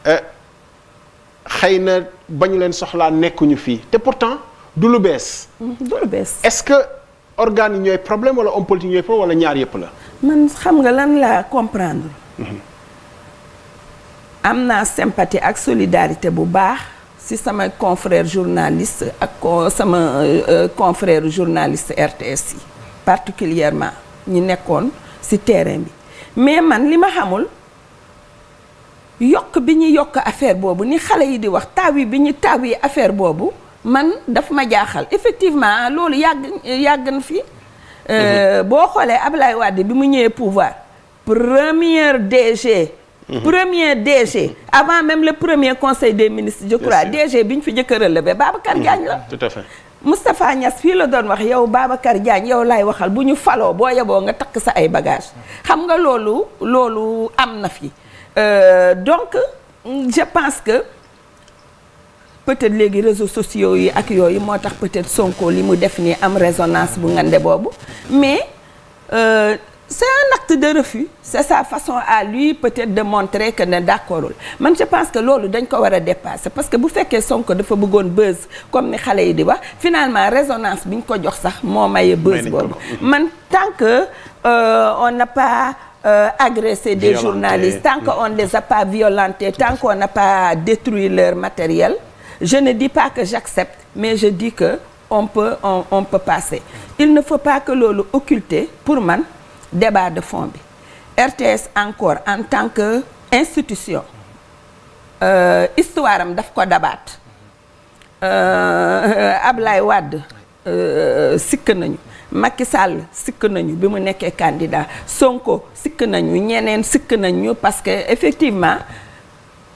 euh, xëy na bañ leen soxlaa nekkuñu fii te pourtant du lu bees. Mm-hmm, du lu bees est-ce que organe yi ñooy problème wala homme politique ñooy problème wala ñaar yëpp la. man xam nga lan laa comprendre. Mm-hmm. am naa sympathie ak solidarité bu baax si sama confrère journaliste ak sama euh, euh, confrère journaliste RTS yi particulièrement ñi nekkoon si terrain bi mais man li ma xamul yokk bi ñu yokk affaire boobu ni xale yi di wax taw yi bi ñu taw yi affaire boobu man daf ma jaaxal effectivement loolu yàgg yàgg na fi euh, mhm. boo xoolee Ablaye Wade bi mu ñëwee pouvoir première DG Mhm. premier DG avant même le premier conseil des ministres je crois DG bi ñu fi jëkk a relevé Babacar mhm. Diagne la tout à fait Moustapha Niass fii la doon wax yow Babacar Diagne yow laay waxal bu ñu faloo boo yeboo nga takk sa ay bagages xam nga loolu loolu am na fi euh, donc je pense que peut-être léegi réseaux sociaux yi ak yooyu moo tax peut-être Sonko li mu def nii am résonance bu ngande boobu mais euh, c'est un acte de refus c'est sa façon à lui peut-être de montrer que ne d'accordul man je pense loolu dañ ko war a dépasser parce que bu fekkee Sonko dafa bëggoon buzz comme ni xale yi di wax finalement résonance bi ñu ko jox sax moo maye buzz boobu [laughs] man tant que euh, on n'a pas Euh, agresser des Violenter. journalistes tant qu'on ne les a pas violentés tant qu'on n'a pas détruit leur matériel je ne dis pas que j'accepte mais je dis que on peut on, on peut passer il ne faut pas que loolu occulter pour man débat de fond bi RTS encore en tant que institution euh, histoire am daf ko dabaat euh, Ablaye Wade euh, sikk nañu Macky Sall sikk nañu bi mu nekkee candidat Sonko sikk nañu ñeneen sikk nañu parce que effectivement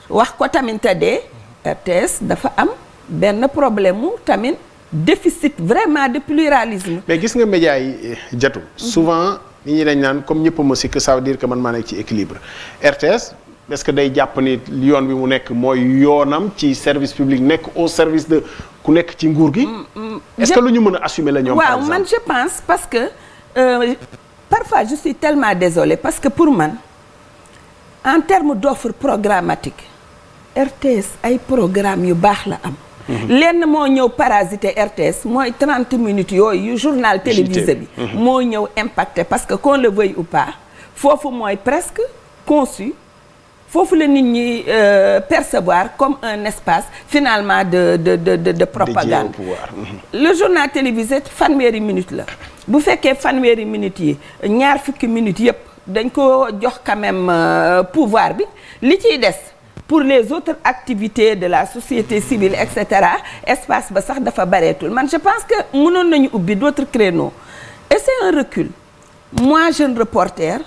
wax ko tamit de RTS dafa am benn problème mu tamit déficit vraiment de pluralisme. mais gis nga médias yi euh, jatu mhm. souvent. nit ñi dañ naan comme ñëpp ma sikk ça veut dire que man maa nekk ci équilibre RTS parce que day jàpp ni yoon bi mu nekk mooy yoonam ci service public nekk au service de ku nekk ci nguur gi. Mm, mm, mm. est-ce que lu ñu mën assumer la ñoom. par waaw man je pense parce que euh, parfois je suis tellement désolée parce que pour man en termes d'offre programmatique RTS ay programme yu baax la am. Mhm. lenn moo ñëw parasité RTS mooy 30 minutes yooyu yu journal télévisé bi mhm. moo ñëw impacté parce que qu'on le veuille ou pas foofu mooy presque conçu foofu la nit ñi euh, percevoir comme un espace finalement de de de de, de propagande mhm. le journal télévisé fanweeri minutes la bu fekkee fanweeri minutes yi ñaar fukki minutes yëpp dañ ko jox quand même euh, pouvoir bi li ciy des pour les autres activités de la société civile et cetera espace ba sax dafa bareetul man je pense que mënoon nañu ubbi d'autres créneaux et c'est un recul moi jeune reporter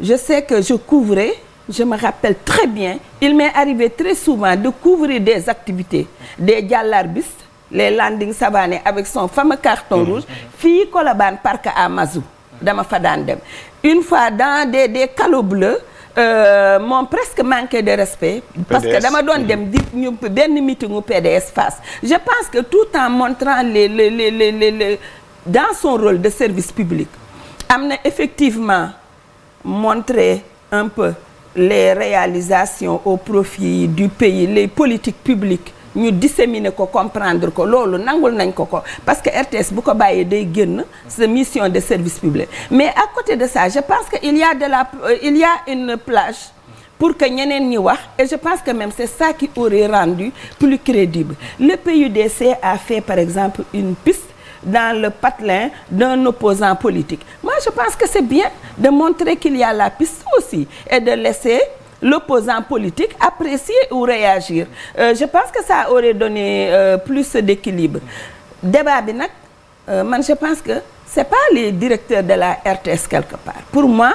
je sais que je couvrais je me rappelle très bien il m'est arrivé très souvent de couvrir des activités des jàllarbistes les landing savané avec son fameux carton mmh. rouge fii Colobane parc Amazou dama fa daan dem une fois dans des des calots bleus Euh, moom presque manqué de respect. parce que dama doon dem mhm. di ñu benn meetingu PDS face je pense que tout en montrant les les les les les dans son rôle de service public am na effectivement montré un peu les réalisations au profit du pays les politiques publiques. ñu disséminer ko comprendre ko loolu nangul nañ ko ko parce que RTS bu ko bàyyee day génn sa mission de service public mais à côté de ça je pense que il y a de la euh, il y a une plage pour que ñeneen ñi wax et je pense que même c'est ça qui aurait rendu plus crédible le PUDC a fait par exemple une piste dans le patelin d'un opposant politique moi je pense que c'est bien de montrer qu'il y a la piste aussi et de laisser l'opposant politique apprécier ou réagir euh, je pense que ça aurait donné euh, plus d'équilibre débat bi nag euh, man je pense que c'est pas les directeurs de la RTS quelque part pour moi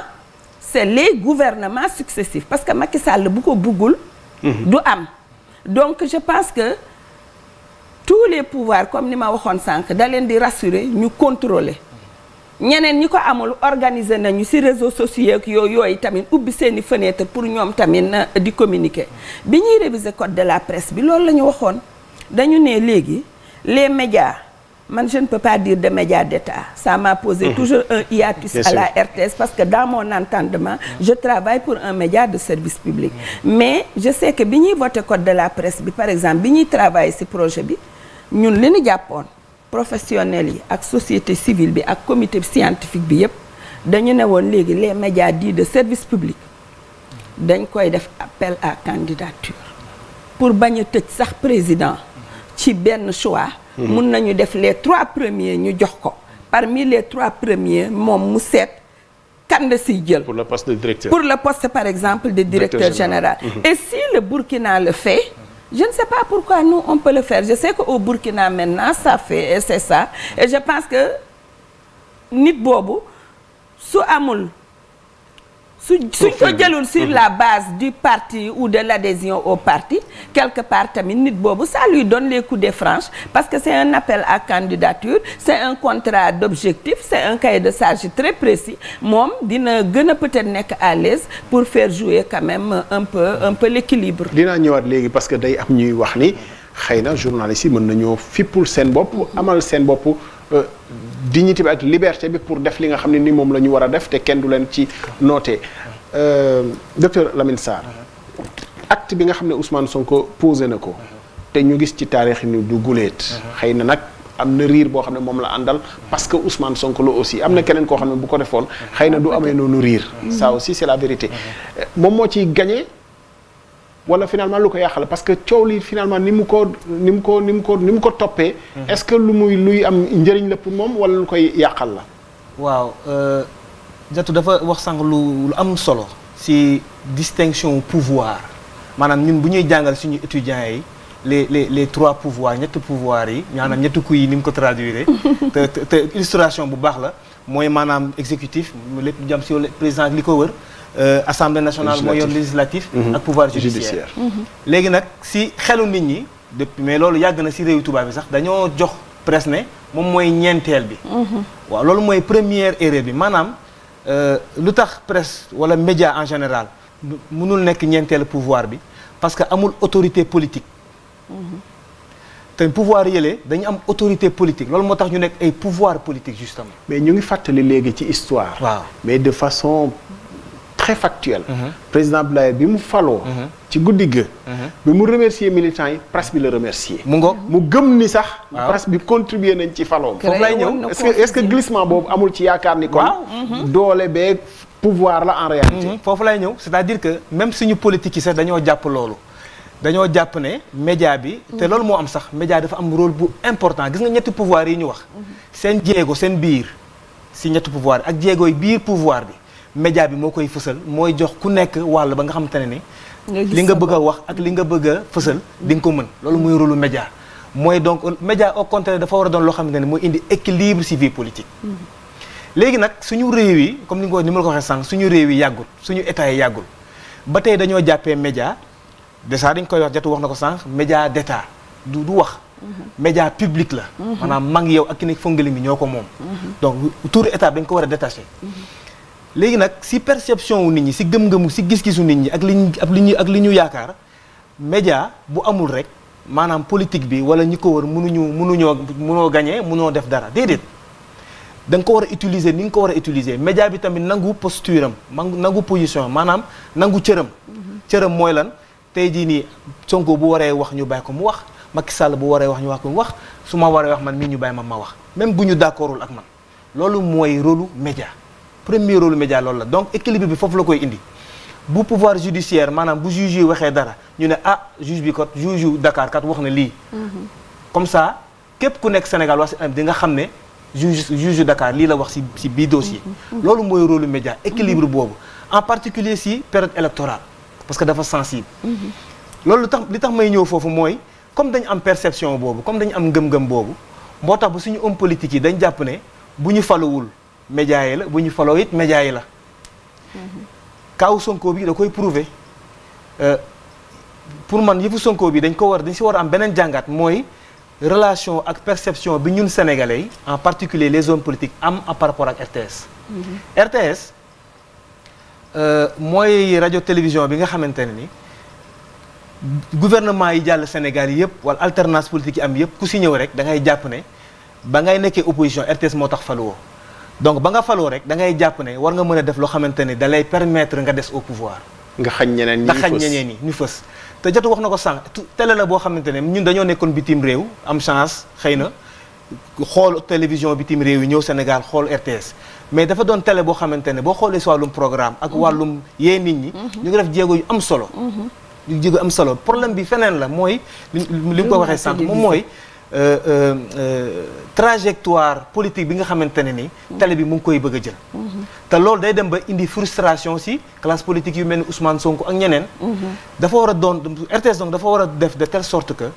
c'est les gouvernements successifs parce que Macky Sall bu ko buggul mhm. du am donc je pense que tous les pouvoirs comme ni ma waxoon sànq da leen di rassurer ñu contrôler ñeneen ñi ko amul organiser nañu si réseaux sociaux ak yooyu yooyu tamit ubbi seeni fenêtre pour ñoom tamit di communiquer bi ñuy réviser code de la presse bi loolu la ñu waxoon dañu ne léegi les médias man je ne peux pas dire de médias d'État ça m'a posé mhm. toujours un hiatus à la RTS parce que dans mon entendement je travaille pour un média de service public mais je sais que bi ñuy voté code de la presse bi par exemple bi ñuy travailler si projet bi ñun li ñu jàppoon professionnels yi ak société civile bi ak comité scientifique bi yépp dañu ne woon léegi les médias dits de service public dañ koy def appel à candidature pour bañ a tëj sax président ci benn choix mhm. mun nañu def les trois premiers ñu jox ko parmi les trois premiers moom mu seet kan la siy jël pour le poste de directeur pour le poste par exemple de directeur, directeur général. général mhm. et si le Burkina le fait je ne sais pas pourquoi nous on peut le faire je sais que au Burkina maintenant ça fait et c'est ça et je pense que nit boobu su amul. suñ suñ ko jëlul sur mm-hmm. la base du parti ou de l'adhésion au parti quelque part tamit nit boobu ça lui donne les coudées franches parce que c'est un appel à candidature c'est un contrat d'objectif c'est un cahier de charge très précis moom dina gën a peut-être nekk à l'aise pour faire jouer quand même un peu un peu l'équilibre dinaa ñëwaat léegi parce que day am ñuy wax ni xëy na journalistes yi mën nañoo fippul seen bopp amal seen bopp di euh, dignité bi ak liberté bi pour def li nga xam ne ni moom la ñu war a def te kenn du leen ci noote euh, docteur Lamine Sarr acte bi nga xam ne Ousmane Sonko posé na ko te ñu gis ci taarix ni du guleet xëy na nag am na riir boo xam ne moom la àndal parce que Ousmane sonk la aussi am na keneen koo xam ne bu ko defoon xëy na du amee noonu riir ça aussi c'est la vérité euh, moom moo ciy gagné wala finalement lu ko yàqal parce que coow li finalement ni mu ko ni mu ko ni mu ko ni ko toppee. Mhm. est-ce que lu muy luy am njëriñ la pour moom wala lu koy yàqal la. waaw euh, Jatu dafa wax sànq lu lu am solo. si distinction pouvoir maanaam ñun bu ñuy jàngal suñu étudiants yi. les les les trois pouvoirs ñetti pouvoir yi maanaam ñetti ku yi ni mu ko traduire [laughs] te te illustration bu baax la mooy maanaam exécutif lépp jam si président li ko wër Euh, assemblée nationale moo yor législatif mhm. ak pouvoir judiciaire mhm. léegi nag si xelu nit ñi depuis mais loolu yàgg na si réew tubaab bi sax dañoo jox presse ne moom mooy ñeenteel bi mhm. waaw loolu mooy première erreur bi maanaam euh, lu tax presse wala média en général mënul nekk ñeenteel pouvoir bi parce que amul autorité politique te pouvoir yële dañu am autorité politique loolu moo tax ñu nekk ay pouvoir politique justement mais ñu ngi fàttali léegi ci histoire waaw très factuel. Mhm. président Blaye bi mu faloo. Mhm. ci guddi ga. Mhm. bi mu remercier militants yi presse bi la remercier mu ngoog mu gëm ni sax. presse bi contribuer nañ ci faloom. foofu lay ñëw est-ce que est-ce que glissement boobu amul ci yaakaar ni kon. doole beeg pouvoir la en foofu lay ñëw c'est-à-dire que même suñu politique yi sax dañoo jàpp loolu. dañoo jàpp ne média bi. te loolu moo am sax média dafa am role bu important gis nga ñetti pouvoir yi ñu wax. seen jéego seen biir si ñetti pouvoir ak jéego yi biir pouvoir bi. média bi moo koy fësal mooy jox ku nekk wàll ba nga xamante ne ni li nga bëgg wax ak li nga bëgg a fësal di nga ko mën loolu muy rôlu média mooy donc média au contraire dafa war a doon loo xamante ne mooy indi équilibre ci vie politique mm-hmm. léegi nag suñu réew yi comme ni nga ko ni ma waxee sànq suñu réew yi suñu état yi yàggul ba tey dañoo jàppee média déjà dañ koy wax jatu wax na ko sànq média d'état du du wax mm-hmm. média public la mm-hmm. maanaam mag yow ak ki nekk fongale mi ñoo ko moom donc tour état dañ ko war a détaché léegi nag si perception wu nit ñi si gëm-gëmu si gis-gisu nit ñi ak li ñu ak li ñu ak li ñu yaakaar média bu amul rek maanaam politique bi wala ñi ko wër mënuñu mënuñoo mënoo gañee mënoo def dara déedéet da nga ko war a utiliser ni nga ko war a utiliser média bi tamit nangu posture am nangu position maanaam nangu cëram mhm. cëram mooy lan tey jii nii Sonko bu waree wax ñu bàyyi ko mu wax Macky Sall bu waree wax ñu wax ko mu wax su ma waree wax man mii ñu bàyyi ma ma wax même bu ñu d'accordul ak man loolu mooy rôlu média premier rôle média loolu la donc équilibre bi foofu la koy indi bu pouvoir judiciaire maanaam bu juge yi waxee dara ñu ne ah juge bi kat juge yu Dakar kat wax na lii. Mhm. comme ça képp ku nekk Sénégal wax si di nga xam ne juge juge yu Dakar lii la wax si si bii dossier. Mhm. Mhm. loolu mooy rôle média équilibre boobu en particulier si période électorale parce que dafa sensible. loolu tax li tax may ñëw foofu mooy comme dañ am perception boobu comme dañu am ngëm-ngëm boobu moo tax bu suñu homme politique yi dañ jàpp bu ñu faluwul. média yi la bu ñu faloo it média yi la kaw Sonko bi da koy prouver euh, pour man yëfu Sonko bi dañ ko war dañ si war a am beneen jàngat mooy relation ak perception bi ñun sénégalais yi en particulier les hommes politiques am par rapport ak RTS mm-hmm. RTS euh, mooy rajo télévision bi nga xamante ne ni gouvernement yi jàll Sénégal yi yëpp wala alternance politique yi am yëpp ku si ñëw rek da ngay jàpp ne ba ngay nekkee opposition RTS moo tax faluwoo donc ba nga faloo rek dangay jàpp ne war nga mën a def loo xamante ni da lay nga des au pouvoir. nga xañ ñeneen ñi ñu fës nga ñu fës. te jot wax na ko sànq télé la boo xamante ne ñun dañoo nekkoon bitim réew am chance xëy na xool télévision bitim réew yi ñëw Sénégal xool RTS. mais dafa doon télé boo xamante ne boo xoolee si wàllum programme. ak mhm. wàllum yee nit ñi. Mhm. ñu ngi def jéego yu am solo. Mhm. yu jéego am solo problème bi feneen la mooy. li mu ko waxee sànq moom mooy. Euh, euh, euh, trajectoire politique bi nga xamante ne ni. télé bi mu ngi koy bëgg a jël. te loolu day dem ba indi frustration si classe politique yu mel ni Ousmane sonk ak ñeneen. dafa war a doon RTS donc dafa war a def de telle sorte que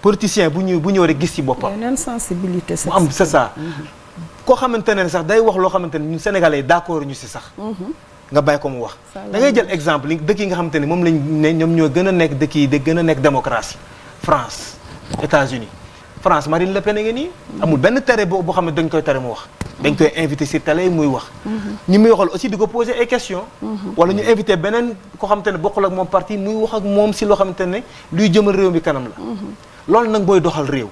politicien bu ñu bu ñëw rek gis ci boppam. yeneen sensibilité mu am c'est ça. koo xamante ne sax day wax loo xamante ni ñun sénégalais d'accord ñu si sax. nga bàyyi ko mu wax. da ngay jël exemple li dëkk yi nga xamante ne moom lañ ne ñoom ñoo gën a nekk dëkk yi gën a nekk démocratie France États-Unis France Marine Le Pen a ngi nii. amul benn tere boo xam ne dañ koy tere mu wax. dañ koy invité si télé muy wax. ñi muy waxal aussi di ko poser ay questions. wala ñu invité beneen ko xamante ne bokkul ak moom parti muy wax ak moom si loo xamante ne luy jëmal réew mi kanam la. loolu nag mooy doxal réew.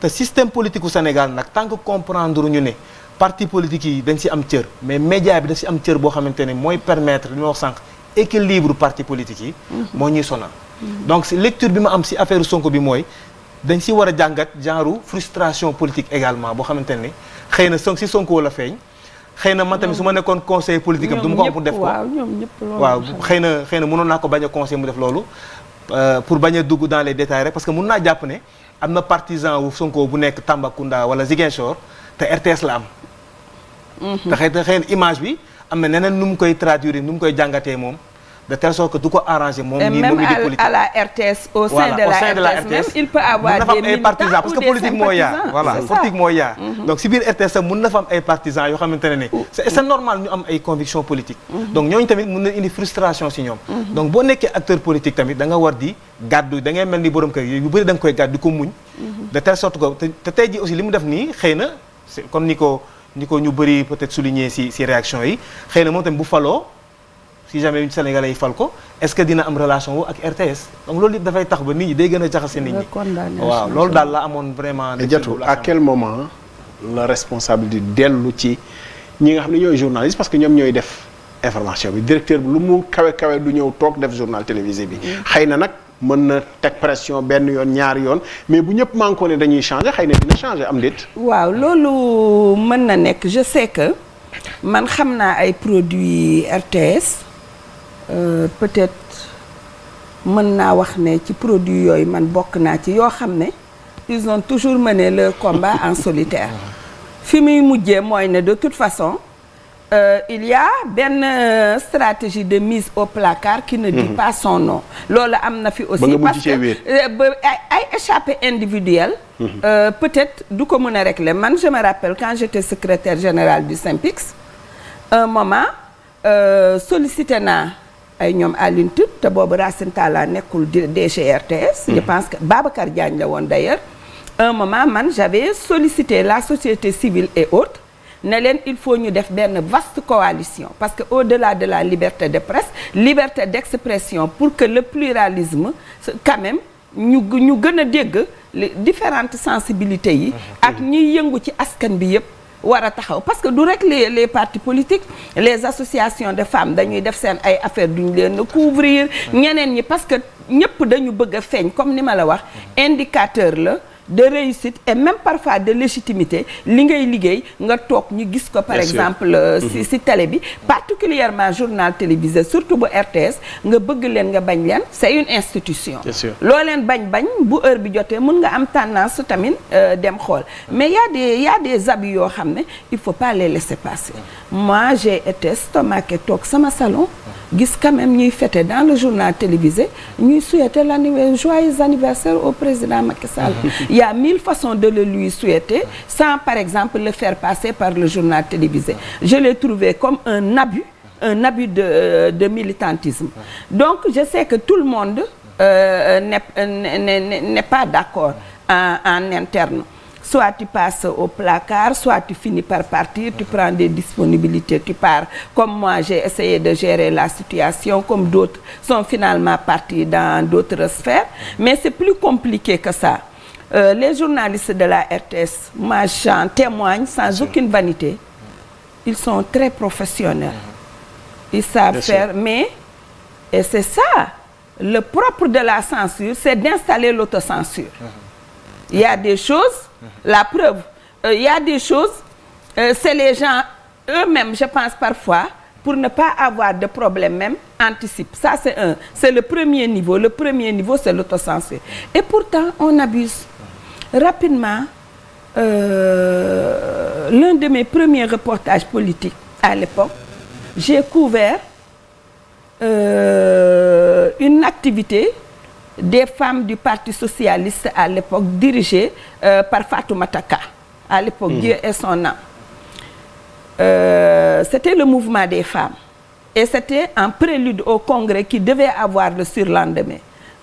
te système politique Sénégal nag tant que comprendre ñu ne parti politique yi dañ si am cër mais média bi dañ si am cër boo xamante ne mooy permettre li ma wax sànq équilibre parti politique yi. Mm-hmm. moo ñuy sonal. donc si lecture bi ma am si affaire Sonko bi mooy dañ si war a jàngat genre frustration politique également boo xamante ne xëy na son si Sonko la feeñ. xëy na man tamit su ma nekkoon conseil politique am du ko pour def ko waaw xëy na xëy na mënoon naa ko bañ a conseil mu def loolu euh, pour bañ a dugg dans les détails parce que mun naa jàpp ne am na partisan wu Sonko bu nekk Tambacounda wala Ziguinchor te RTS la am mhm. te xëy na image bi am na neneen nu mu koy traduire nu mu koy jàngatee moom de telle sorte que du ko arrangé moom nii moom di de la RTS même il peut avoir moo yaa voilà politique moo yaa mhm. donc na fa am ay partisans yoo xamante ne ni c'est normal ñu am ay convictions politiques mhm. donc ñooñu tamit mun na indi frustration si ñoom mhm. donc boo nekkee acteur politique tamit da nga war di gàddu da ngay mel ni borom kër yu bëri da koy gàddu ko muñ de telle sorte que te tey ji aussi li mu def nii xëy na comme ni ko ni ko ñu bëri peut-être souligner si si réaction yi xëy na moom tamit bu faloo si jamais une sénégalais fal ko est-ce que dina am relation wu ak RTS donc loolu tax ba nit ñi day gën a jaxase nit ñi waaw loolu daal la amoon vraiment jatu à quel moment la responsabilité dellu ci ñi nga xam ne ñooy journaliste parce que ñoom ñooy def information bi directeur bi lu mu kawe kawe du ñëw toog def journal télévisé bi mm. xëy na nag mën na teg pression benn yoon ñaari yoon mais bu ñëpp mànkoo ne dañuy changé xëy na dina changé am déet. waaw loolu mën na nekk je sais que man xam naa ay produits RTS Euh, peut-être mën naa wax ne ci produit yooyu man bokk naa ci yoo xam ne ils ont toujours mené le combat en solitaire fi muy mujjee mooy ne de toute façon Euh, il y benn euh, stratégie de mise au placard qui ne dit mmh. pas son am na fi aussi parce que euh, ba ay échappée individuelle mmh. euh, peut-être du ko mën a régler man je me rappelle quand j'étais secrétaire général du Synpics un moment euh, sollicité naa ay ñoom Alioune Tine te boobu Racine Talla nekkul DGRTS. Hmm. je pense que Babacar Diagne la woon d'ailleurs un moment man j'avais sollicité la société civile et autres ne leen il faut ñu def benn vaste coalition parce que au-delà de la liberté de presse liberté d'expression pour que le pluralisme quand même ñu ñu gën a dégg différentes sensibilités yi. Mmh. ak ñiy yëngu ci askan bi yépp war a taxaw parce que du rek les les partis politiques les associations de femmes dañuy def seen ay affaires duñu leen a couvrir ñeneen ñi parce que ñëpp dañu bëgg feeñ comme ni ma la wax indicateur la de réussite et même parfois de légitimité li ngay liggéey nga toog ñu gis ko par exemple euh, si mhm. si télé bi particulièrement journal télévisé surtout bu RTS nga bëgg leen nga bañ leen c'est une institution loo leen bañ bañ bu heure bi jotee mun nga am su tamit euh, dem xool mais y a des y a yoo xam ne il faut pas les laisser passer mhm. moi j'ai été stomaqué toog sama salon mhm. gis quand même ñuy fêter dans le journal télévisé ñuy souhaiter l'anniversaire joyeux anniversaire au président Macky Sall. [laughs] il y a mille de le lui souhaiter sans par exemple le faire passer par le journal télévisé je le trouvé comme un abus un abus de euh, de militantisme donc je sais que tout le monde euh, n'est n'est pas d'accord en en interne soit tu passes au placard soit tu finis par partir tu prends des disponibilités tu pars comme moi j'ai essayé de gérer la situation comme d'autres sont finalement partis dans d'autres sphères mais c'est plus compliqué que ça euh, les journalistes de la RTS moi j'en témoigne sans aucune vanité ils sont très professionnels mhm. ils savent faire mais et c'est ça le propre de la censure c'est d'installer l'autocensure mhm. il y a des choses la preuve euh, il y a des choses euh, c'est les gens eux-mêmes je pense parfois pour ne pas avoir de problème même anticipe ça c'est un c'est le premier niveau le premier niveau c'est l'autocensure et pourtant on abuse rapidement euh, l'un de mes premiers reportages politiques à l'époque j'ai couvert euh, une activité des femmes du Parti socialiste à l'époque dirigées euh, par Fatoumata Ka à l'époque mmh. Dieu et son âme euh, c'était le mouvement des femmes et c'était en prélude au congrès qui devait avoir le surlendemain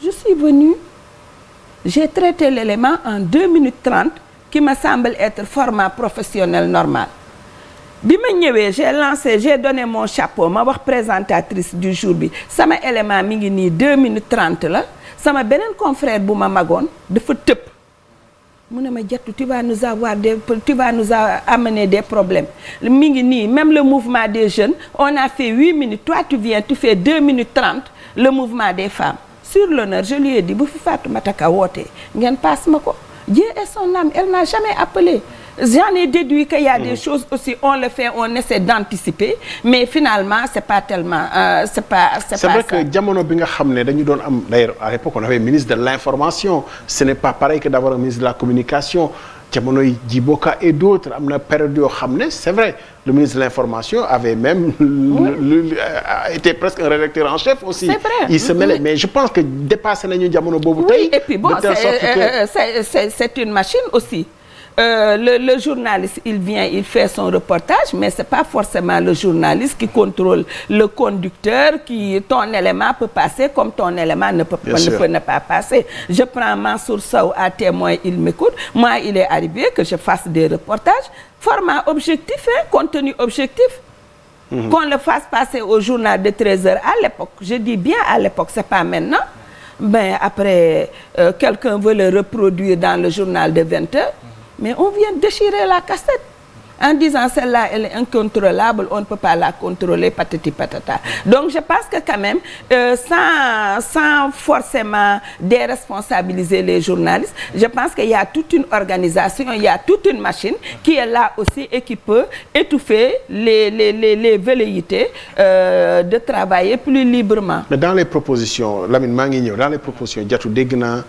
je suis venue j'ai traité l'élément en 2 minutes 30 qui ma semble être format professionnel normal bi ma ñëwee j'ai lancé j'ai donné mon chapeau ma wax présentatrice du jour bi sama élément mi ngi nii 2 minutes 30 la sama beneen confrère bu ma magoon dafa tëb mu ne ma jattu tu vas nous avoir des tu vas nous amener des problèmes mi ngi nii même le mouvement des jeunes on a fait huit minutes toi tu viens tu fais deux minutes trente le mouvement des femmes sur l'honneur je lui ai bu fi Fatoumata Ka wootee ngeen paas ma ko Dieu et son âme elle n'a jamais appelé j'en ai déduit qu'il y a des mhm. on le fait on essaie d'anticiper mais finalement c'est pas tellement euh, c'est pas c'est pas bi nga xam ne dañu doon am d'ailleurs à l'époque on avait ministre de l'information ce n'est pas pareil que d'avoir un ministre de d'autres am na période yoo xam ne c'est vrai le ministre de l'information même oui. Euh, était presque un rédacteur en aussi c'est vrai mais je pense que dépassé nañu jamono boobu tey et puis euh, c'est une machine aussi Euh, le le journaliste il vient il fait son reportage mais c'est pas forcément le journaliste qui contrôle le conducteur qui ton élément peut passer comme ton élément ne peut, ne pas passer je prends Mansour Sow à témoin il m'écoute moi il est arrivé que je fasse des reportages format objectif hein, contenu objectif Mmh. Qu'on le fasse passer au journal de 13 heures à l'époque. Je dis bien à l'époque, c'est pas maintenant. Mais après euh, quelqu'un veut le reproduire dans le journal de 20 mais on vient déchirer la cassette en disant celle-là, elle est incontrôlable, on ne peut pas la contrôler, patati patata. Donc je pense que quand même, euh, sans, sans forcément déresponsabiliser les journalistes, je pense qu'il y a toute une organisation, il y a toute une machine qui est là aussi et qui peut étouffer les, les, les, les velléités euh, de travailler plus librement. Mais dans les propositions, Lamine Manguigno, dans les propositions, Diatou Degna,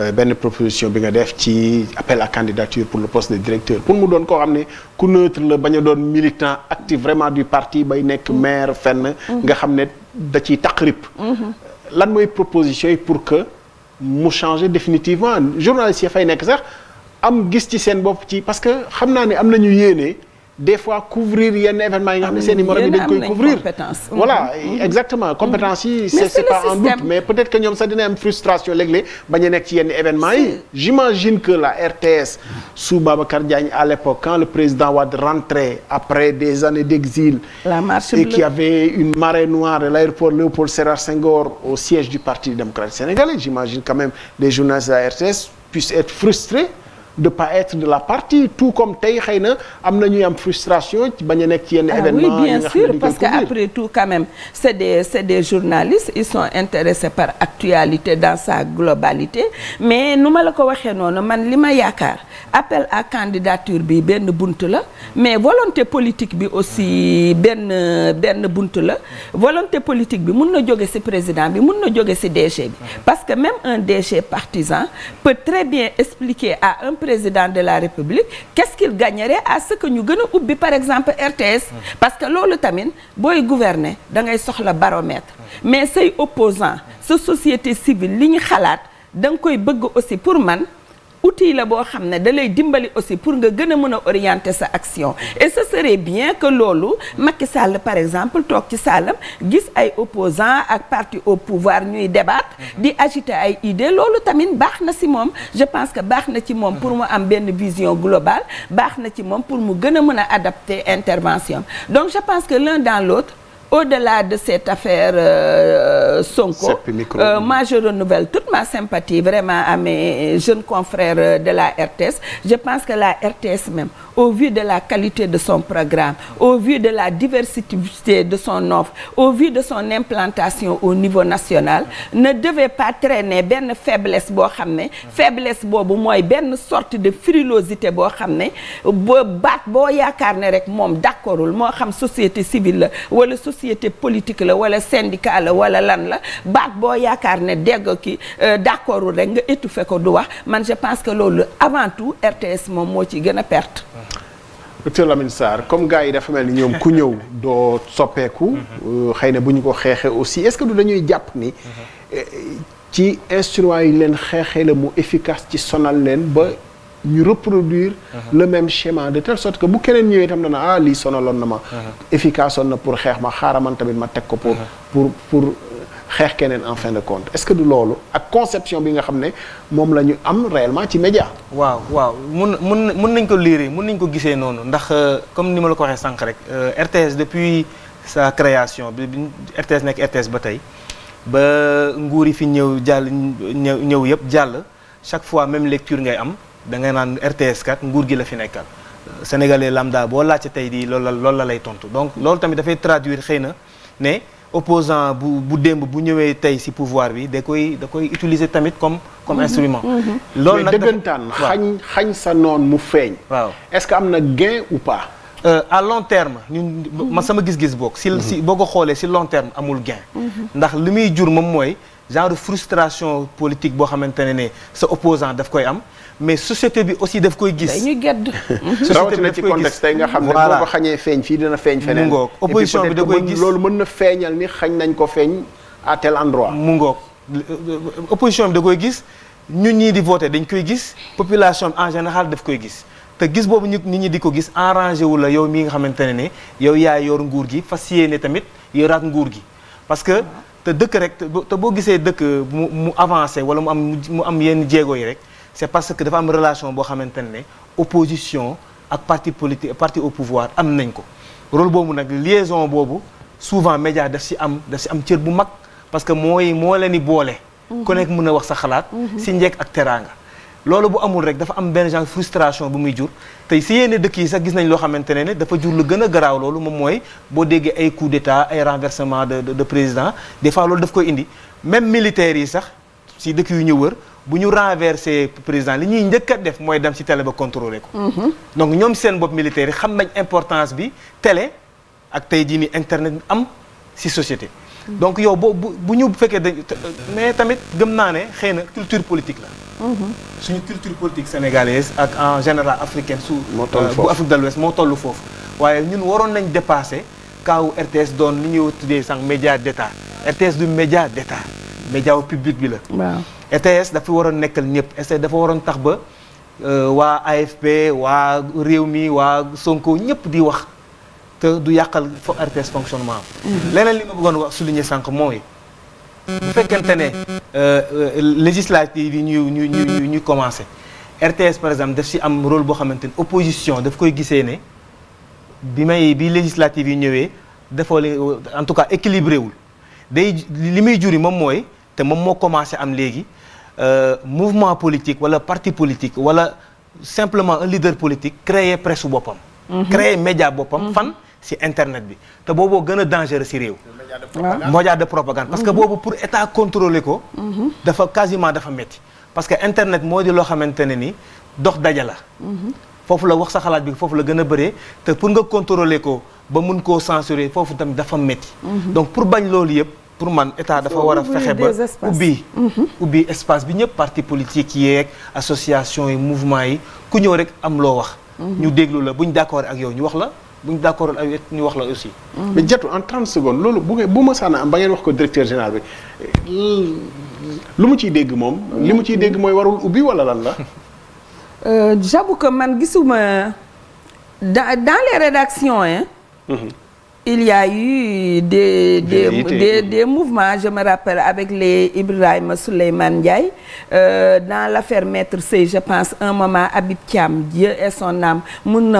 Euh, benn proposition bi nga def ci appel à candidature pour le poste de directeur pour mu doon koo xam ne ku neutre la ba a doon militant actif vraiment du parti bay nekk mm-hmm. maire fenn mm-hmm. nga xam ne da ci ciy taqrib mm-hmm. lan mooy proposition yi pour que mu changer définitivement journaliste yi fay nekk sax am gis ci seen bopp ci parce que xam naa ne am nañu yéene des fois couvrir yenn événements yi ah, seen i morom yi dañ koy couvrir mmh, voilà mmh, mmh. exactement compétence yi c'est c'est pas en doute mais peut-être que ñoom sax frustration léeg-léeg bañ a nekk ci yenn événements yi j'imagine que la RTS sous Babacar Diagne à l'époque quand le président Wade rentrait après des années d'exil et qu'il y avait une marée noire à l'aéroport Léopold Sédar Senghor au siège du Parti démocratique sénégalais j'imagine quand même les journalistes de la RTS puissent être de pas être de la partie tout comme tey xëy na am na ñuy am frustration ci bañ a nekk ci yenn ah événement oui bien sûr parce que après tout quand même c'est des c'est des journalistes ils sont intéressés par actualité dans sa globalité mais nu ma la ko waxee noonu man li ma yaakaar appel à candidature bi benn bunt la mais volonté politique bi aussi benn benn bunt la volonté politique bi mun na jóge ci président bi mun na jóge ci DG bi parce que même un DG partisan peut très bien expliquer à président de la république qu'est-ce qu'il gagnerait à ce que ñu gën a ubbi par exemple RTS parce que loolu tamit booy gouverner da ngay soxla baromètre mais say opposant sa société civile li ñu xalaat da nga koy bëgg aussi pour man outil la boo xam ne da lay dimbali aussi pour nga gën a mën a orienter sa action et ce serait bien que loolu Macky Sall par exemple toog ci saalam gis ay opposants ak parti au pouvoir ñuy débat di agiter ay idées loolu tamit baax na si moom je pense que baax na ci moom pour mu am benn vision globale baax na ci moom pour mu gën a mën a adapter intervention donc je pense que l'un dans l'autre au-delà de cette affaire euh, Sonko euh, moi je renouvelle toute ma sympathie vraiment à mes jeunes confrères de la RTS je pense que la RTS même au vu de la qualité de son programme au vu de la diversité de son offre au vu de son implantation au niveau national ne devait pas traîner benn faiblesse boo xam ne faiblesse boobu mooy benn sorte de frilosité boo xam ne ba baat boo yaakaar ne rek moom d'accordul moo xam société civile la société politique la wala syndicat la wala lan la baat boo yaakaar ne dégg ki euh, d'accordul rek nga étouffé ko du wax man je pense que loolu avant tout RTS moom moo ci gën a perte. docteur Lamine Sarr comme gars yi dafa mel ni ñoom ku ñëw doo soppeeku. Euh, xëy na bu ñu ko xeexee aussi est-ce que du dañuy jàpp ni. Euh, ci instruments yi leen xeexee la mu efficace ci sonal leen ba. ñu reproduire uh-huh. le même schéma de telle sorte que bu keneen ñëwee na dana ah lii sonaloon na ma uh-huh. efficace oon na pour xeex ma xaaral man tamit ma teg ko pour uh-huh. pour pour xeex keneen en fin de compte est-ce que du loolu ak conception bi nga xam ne moom la ñu am réellement ci média waaw waaw mun mun mun nañ ko liiree mun nañ ko gisee noonu ndax euh, comme ni ma la ko waxee sànq rek euh, RTS depuis sa création bi RTS nekk RTS ba tey ba nguur yi fi ñëw jàll ñëw ñëw yëpp jàll chaque fois même lecture ngay am da ngay naan RTS kat nguur gi la fi nekkal sénégalais lambda boo laajte tey di loolu la loolu la lay tontu donc loolu tamit dafay traduir xëy na ne opposant bu bu démb bu ñëwee tey ci pouvoir bi da koy da koy utiliser tamit comme comme mhm. instrument. Mhm. loolu nag mais dëggantaan xañ xañ sa noon mu feeñ. waaw est-ce que am na gain ou pas. Euh, à long terme ma mhm. sama gis-gis boog. si boo ko xoolee si long terme amul gain. ndax li muy jur moom mooy genre frustration politique boo xamante ne ne sa opposant daf koy am. mais société bi aussi daf koy gis. dañuy gedd. [laughs] rawatina ci contexte tey nga xam ne boo ko xañee feeñ fii dina feeñ feneen. mu ngoog opposition bi da koy gis loolu mën na feeñal ni xañ nañ ko feeñ à tel endroit. mu ngoog koy gis ñun ñii di voté dañ koy gis population en général daf koy gis. te gis boobu ñu nit ñi di ko gis arrangé wu la yow mii nga xamante ne ne yow yaa yoor nguur gi fas yéene tamit yoraat nguur gi parce que te dëkk rek te boo gisee dëkk mu mu avancé wala mu am mu am yenn jéego yi rek. c'est parce que dafa am relation boo xamante ne opposition ak parti politique parti au pouvoir am nañ ko rôle boobu nag liaison boobu souvent média daf si am daf si am cër bu mag parce que mooy moo leen di boole. Mhm. ku nekk mën a wax sa xalaat. Mhm. si njekk ak teraanga. loolu bu amul rek dafa am benn genre bu muy jur tey si yenn dëkk yi sax gis nañ loo xamante ne ne dafa jur lu gën a garaaw loolu moom mooy boo déggee ay coup d'état ay renversement de de président des fois loolu daf koy indi même militaires yi sax si dëkk yu ñu wër. bu ñu renverser président li ñuy njëkk a def mooy dem ci télé ba contrôler ko. Mhm. donc ñoom seen bopp militaire yi xam nañ importance bi tele ak tey jii ni internet am ci société. Mhm. donc yow boo bu bu ñu fekkee dañ mais tamit gëm naa ne xëy na culture politique la. Mhm. suñu culture politique sénégalaise ak en général africaine su. moo toll euh, foofu bu Afrique de l'Ouest moo toll foofu. waaye ñun waroon nañ dépasser kaw RTS doon li ñuy tuddee sànq média d'état RTS du média d'état média public bi la. ETS dafa waroon nekkal ñëpp ETS dafa waroon tax ba euh, waa AFP waa réew mi waa Sonko ñëpp di wax te du yàqal fo RTS e fonctionnement am. Mm-hmm. leneen li ma bëggoon wax souligner sànq mooy. bu fekkente ne euh, euh, législative yi ñu ñu ñu ñu commencé RTS e par exemple daf si am role boo xamante ne opposition daf koy gisee ne bi may bi législative yi ñëwee dafa en tout cas équilibré wul day li muy juri moom mooy te moom moo commencé am léegi. Euh, mouvement politique wala parti politique wala simplement un leader politique créer presse boppam. Mhm. créer média boppam mhm. fan. si internet bi te booboo gën a dangereux si réew. média de propagande parce que mhm. boobu pour état contrôler ko. dafa quasiment dafa metti parce que internet moo di loo xamante ne ni dox daja la. foofu la wax sa xalaat bi foofu la gën a bëree te pour nga contrôler ko ba mun koo censurer foofu tamit dafa metti donc pour bañ loolu yëpp. pour man état dafa war a fexe ba ubbi mhm. ubbi espace bi ñëpp parti politique yeeg association yi mouvement yi ku ñëw rek am loo wax mhm. ñu déglu la bu ñu d'accord ak yow ñu wax la bu ñu d'accord ak ñu wax la aussi mhm. mais jatu en 30 secondes loolu bu ngeen bu ma saana am ba ngeen wax ko directeur général bi lu mu ciy dégg moom li mu ciy dégg mooy warul ubbi wala lan la [laughs] euh, j'avoue que man gisuma dans dans les rédactions hein il y a eu des des, des des mouvements je me rappelle avec les Ibrahima Souleymane Ndiaye euh, dans l'affaire Maître Sey je pense un moment Habib Thiam Dieu et son âme mun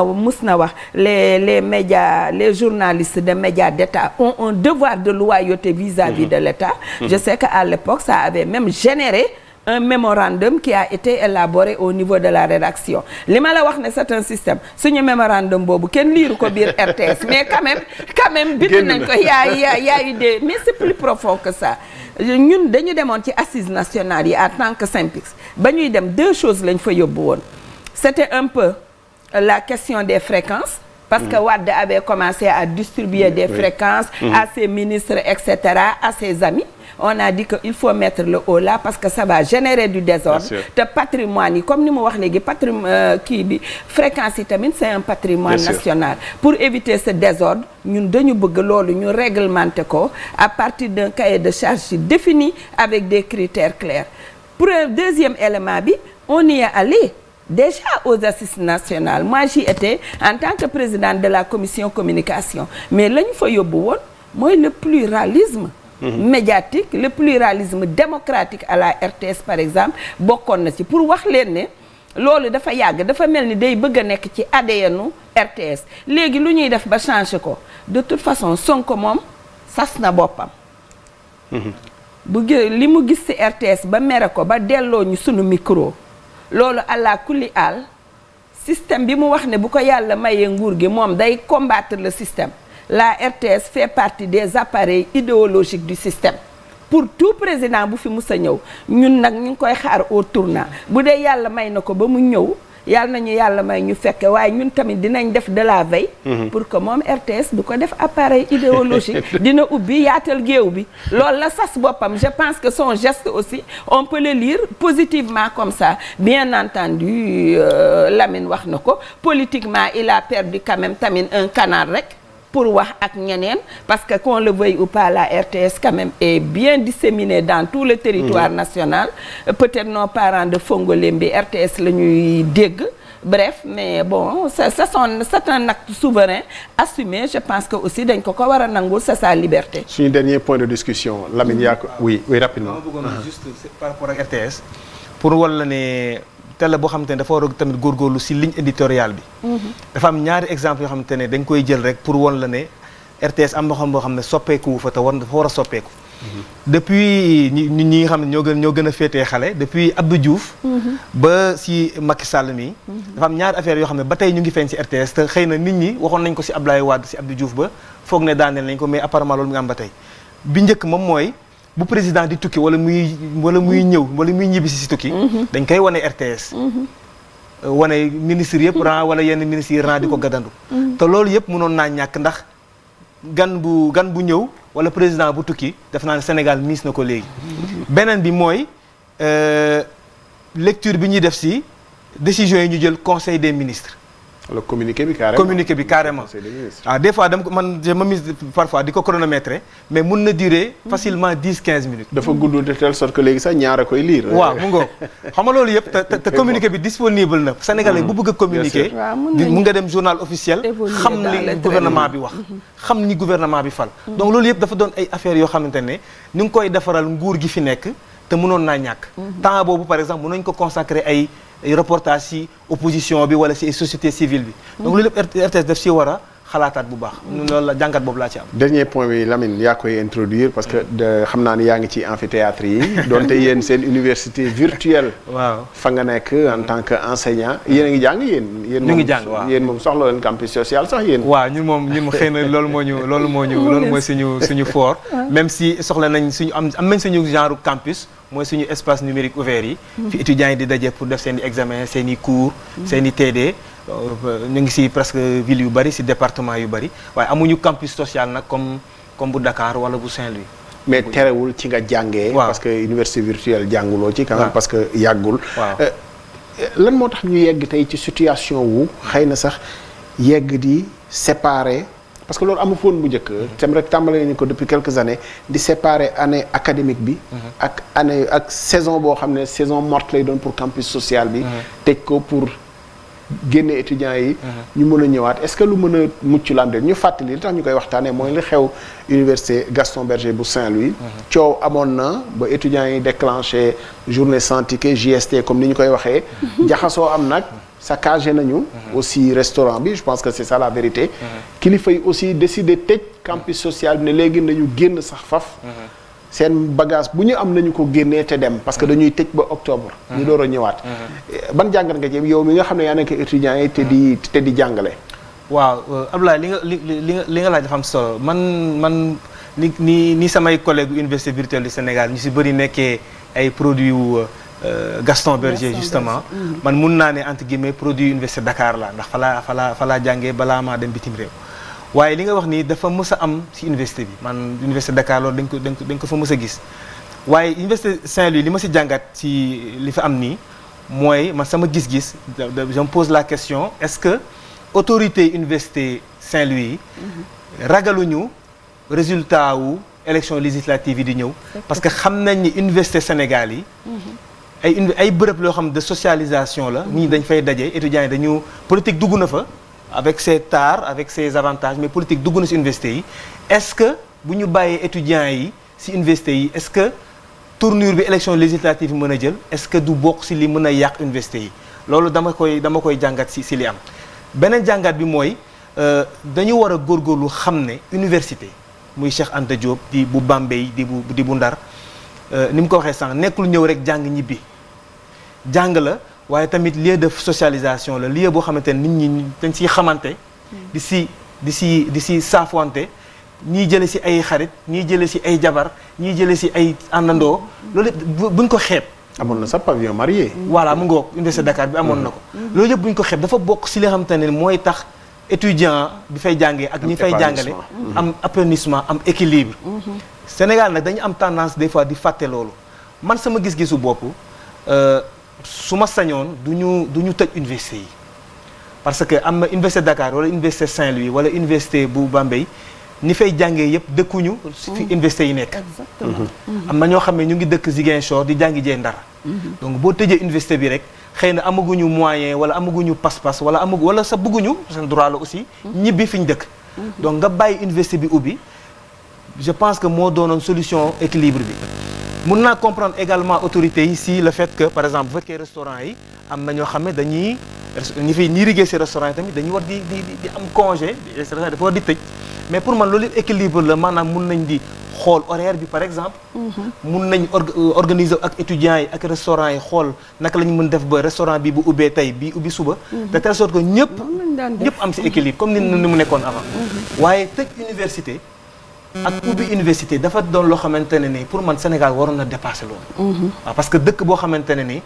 na wax les les médias les journalistes de médias d'État ont un devoir de loyauté vis-à-vis mhm. de l'État mhm. je sais que à l'époque ça avait même généré un mémorandum qui a été élaboré au niveau de la rédaction li ma la wax ne c'est un système suñu mémorandum boobu kenn liiru ko biir RTS mais quand même quand même nañ ko yaa yaa eu des mais c'est plus profond que ça ñun dañu demoon ci assises nationales yi en tant que SYNPICS ba ñuy dem deux choses lañ fa yóbbu woon c'était un peu la question des fréquences parce que mm. Wade avait commencé à distribuer mm, des fréquences mm. à ses ministres et cetera à ses amis on a dit que il faut mettre le haut là parce que ça va générer du désordre te patrimoine yi comme ni mu wax léegi patrimoine euh, kii bi fréquence yi tamit c'est un patrimoine Bien national sûr. pour éviter ce désordre ñun dañu bëgg loolu ñu réglementer ko à partir d'un cahier de charge défini avec des critères clairs pour deuxième élément bi on y à allé déjà aux assises nationales moi j'y étais en tant que présidente de la commission communication mais la ñu fa yóbbu woon mooy le pluralisme médiatique le pluralisme démocratique à la RTS par exemple bokkoon na si pour wax leen ne loolu dafa yàgg dafa mel ni day bëgg a nekk ci ADN-u RTS léegi lu ñuy def ba changer ko de toute façon Sonko moom sas na boppam bu gë li mu gis ci RTS ba mere ko ba delloo ñu sunu micro loolu àlla kulli aal système bi mu wax ne bu ko yàlla mayee nguur gi moom day combattre le système la RTS fait partie des appareils idéologiques du système pour tout président bu fi mus ñëw ñun nag ñu ngi koy xaar au tournant bu de yàlla may na ko ba mu ñëw yàlla nañu yàlla may ñu fekke waaye ñun tamit dinañ def de la veille mhm. pour que moom RTS du ko def appareil idéologique [laughs] dina ubbi yaatal géew bi loolu la sas boppam je pense que son geste aussi on peut le lire positivement comme ça bien entendu euh, Lamine wax na ko politiquement il a perdu quand même tamit un canard rek pour wax ak ñeneen parce que qu'on le veuille ou pas la RTS quand même est bien disséminée dans tout le territoire mmh. national peut-être nos parents de Fongolembi RTS la ñuy dégg bref mais bon ça ça son c'est un acte souverain assumé je pense que aussi dañ ko ko war a nangul c'est sa liberté. suñu dernier point de discussion Lamine Yaku oui rapidement. Ah, par rapport ak RTS pour wala ne télé boo xamante ne dafa war a tamit góorgóorlu si ligne éditoriale bi. Mhm. dafa am ñaari exemple yoo xam boo xam ne soppeeku wu fa te war a soppeeku. Mhm. depuis ñi ñi nga xam ne ñoo gën ñoo a féetee xale depuis Abdou Diouf. Mhm. ba si Macky Sall mii. dafa am ñaari affaire yoo xam ne ba tey ñu ngi feeñ si RTS te xëy na nit ñi waxoon nañ ko si Abdoulaye Wade si Abdou Diouf ba foog ne daaneel nañ ko mais apparemment loolu mi nga am ba tey bi njëkk moom mooy. bu président di tukki wala muy wala muy mm-hmm. ñëw wala muy ñibbisi si tukki. Mm-hmm. dañ koy wane RTS. Mm-hmm. Euh, wane ministre yëpp ran wala yenn ministres yi ran di ko gadandu te loolu yëpp mënoon naa ñàkk ndax gan bu gan bu ñëw wala président bu tukki def naa ne Sénégal miis na ko léegi. beneen bi mooy euh, lecture bi ñuy def si décision yi ñu jël conseil des ministres. wala communiqué bi carrément communiqué ah, fois dama ko man je m'amuse parfois di ko chronométrer mais mun na durer facilement dix quinze minutes. dafa gudd de telle sorte que léegi sax ñaar a koy lire. waaw mm-hmm. a communiquer. mun nga dem journal officiel. xam li gouvernement bi wax. Mm-hmm. xam ni gouvernement bi fal. donc loolu yëpp dafa doon ay yoo xamante ne ni nga koy defaral nguur gi fi nekk te mënoon naa ñàkk. Mm-hmm. temps boobu par exemple mënoñ ko consacrer ay. reportage si opposition bi wala si société civile bi donc loolu lépp RTS daf si war a xalaataat bu baax. ñun loolu la jàngat boobu laa ci am. dernier point bi Lamine yaa koy introduire parce que xam naa ni yaa ngi ci amphithéâtre yi [laughs] donte yéen seen université virtuelle. waaw fa nga nekk en tant que enseignant yéen a ngi jàng yéen. ñu ngi jàng waaw yéen moom soxla leen campus social sax yéen. waaw ñun moom ñun xëy na loolu moo ñu loolu moo ñu loolu mooy suñu suñu fort. [laughs] Ah. même si soxla nañ suñu am am nañ suñu genre campus. mooy suñu espace numérique ouvert yi. Hmm. fi étudiants yi di daje pour def seen i examen seeni i cours. Hmm. seen i Euh, ñu ngi si presque ville yu bëri si département yu bëri waaye amuñu campus social nag comme comme bu dakaar wala bu Saint-Louis. mais terewul ci nga jàngee. parce que université virtuelle jànguloo ci. quand même parce que yàggul. Euh, lan moo tax ñu yegg tey ci situation wu xëy na sax yegg di séparer parce que loolu amu foon bu njëkk. tam mm-hmm. rek tàmbali nañu ko depuis quelques années di séparer année académique bi. Mm-hmm. ak année ak saison boo xam ne saison morte lay doon pour campus social bi. Mm-hmm. tëj ko génne étudiants yi. Mhm. ñu mën a ñëwaat est-ce que lu mën a mucc lamde ñu fàttali li tax ñu koy waxtaanee mooy li xew université Gaston Berger bu Saint-Louis. Mhm. coow na ba étudiants yi déclenché journée sans ticket JST comme ni ñu koy waxee. Mhm. jaxasoo am nag. saccagé nañu. aussi restaurant bi je pense que c'est ça la vérité. kilifa yi aussi décidé tëj campus social bi ne léegi nañu génn sax faf. seen bagage bu ñu am nañu ko génnee te dem parce que dañuy tëj ba octobre ñu door a ñëwaat eh, ban jàngat nga ci yow mi nga xam ne yaa nekk étudiant yi te di te di jàngale waaw euh, Abdoulaye li nga li li nga li nga laa dafa am man man ni ni ni samay collègue université virtuelle du Sénégal ñu si bëri nekkee ay produits wu euh, Gaston Berger justement mm-hmm. man mun naa ne entre guillemets produit université Dakar la ndax falaa falaa falaa jàngee balaa maa dem bitim réew waaye li nga wax nii dafa mës a am ci université bi man université Dakar loolu dañ ko dañ ko dañ ko fa mës a gis waaye université Saint-Louis li ma ci jàngat ci li fa am nii mooy ma sama gis-gis je me pose la question est-ce que autorité université Saint-Louis mm-hmm. ragaluñu résultat wu élection législative yi di ñëw parce que xam nañ ni université Sénégal yi mm-hmm. ay ay bërëb loo xam de socialisation la nit mm-hmm. ñi dañ fay daje étudiants yi dañu politique dugg na fa avec ses tares avec ses avantages mais politique dugg na ci université yi est-ce que bu ñu bàyyee étudiants yi ci université yi est-ce que tournure bi élection législative mën a jël est-ce que du bokk ci li mën a yàq université yi loolu dama koy dama koy jàngat ci ci li am beneen jàngat bi mooy euh, dañu war a lu xam ne université muy Cheikh Anta Diop di bu Bambey di bu di bu Ndar euh, ni mu ko waxee sànq nekkul ñëw rek jàng ñibbi jàng la. waaye tamit lie def socialisation la lieu boo xamante ne nit ñi dañ siy xamante di si di si di si saafwante ñii jële si ay xarit ñii jële si ay jabar ñii jële si ay àndandoo loolu buñ ko xeeb amoon na sax pavillon marié voilà mu ngoog université bi amoon na ko mm-hmm. loolu yëpp buñ ko xeeb dafa bokk si li xamante ne mooy tax étudiant bi fay jàngee ak ñi fay jàngale am appenissement am équilibre mm-hmm. Sénégal nag dañu am tendance des fois di fàtte loolu man sama gis-gisu bopp euh, su ma sañoon du ñu du ñu tëj université yi parce que am na université Dakar wala université Saint-Louis wala investé bu Bambey ni fay jàngee yëpp dëkkuñu. fi mm-hmm. université yi nekk. exactement. Mm-hmm. Mm-hmm. am na ñoo xam ne ñu ngi dëkk Ziguinchor di jàngi jee Ndar. donc boo tëjee investé bi rek xëy na amaguñu moyen wala amaguñu passe-passe wala amagu wala sa bëgguñu seen droit la aussi. ñibbi fi ñu dëkk. donc nga bàyyi université bi ubbi je pense que moo doonoon solution équilibre bi. mun naa comprendre également autorité yi si le fait que par exemple bu fekkee restaurant yi am na ñoo xam ne dañuy ñi fi ñi liggéey si restaurant yi tamit dañuy war di di di am congé restaurant dafa war di tëj mais pour man loolu équilibre la maanaam mun nañ di xool horaire bi par exemple. Mhm. mun nañ euh, organiser ak étudiants yi ak restaurant yi xool naka la ñu mën def ba restaurant bi bu ubbee tey bi ubbi suba. Mhm. de telle sorte que ñëpp. ñëpp am si équilibre comme ni mu nekkoon avant. Mhm. waaye tëj université. ak bi université dafa doon loo xamante ne ni pour man Sénégal waroon na dépasser loolu. parce que dëkk boo xamante ne ni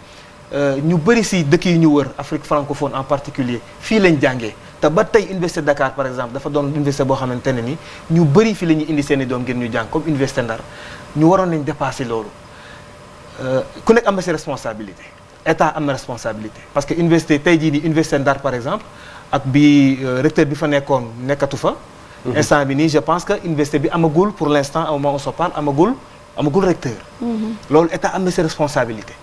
euh, ñu bëri si dëkk yi ñu wër Afrique francophone en particulier fii lañ jàngee. te ba tey université Dakar par exemple dafa doon université boo xamante ne ni ñu bëri fii la ñuy indi seen i doom ngir ñu jàng comme université Ndar ñu waroon nañ dépasser loolu euh, ku nekk am na si responsabilité état am na responsabilité. parce que université tey jii nii université Ndar par exemple ak bi euh, recteur bi fa nekkoon nekkatu fa. Mm-hmm. instant bi nii je pense que université bi amagul pour l' instant au moment où on se parle amagul amagul recteur. Mm-hmm. loolu état am na ses responsabilités.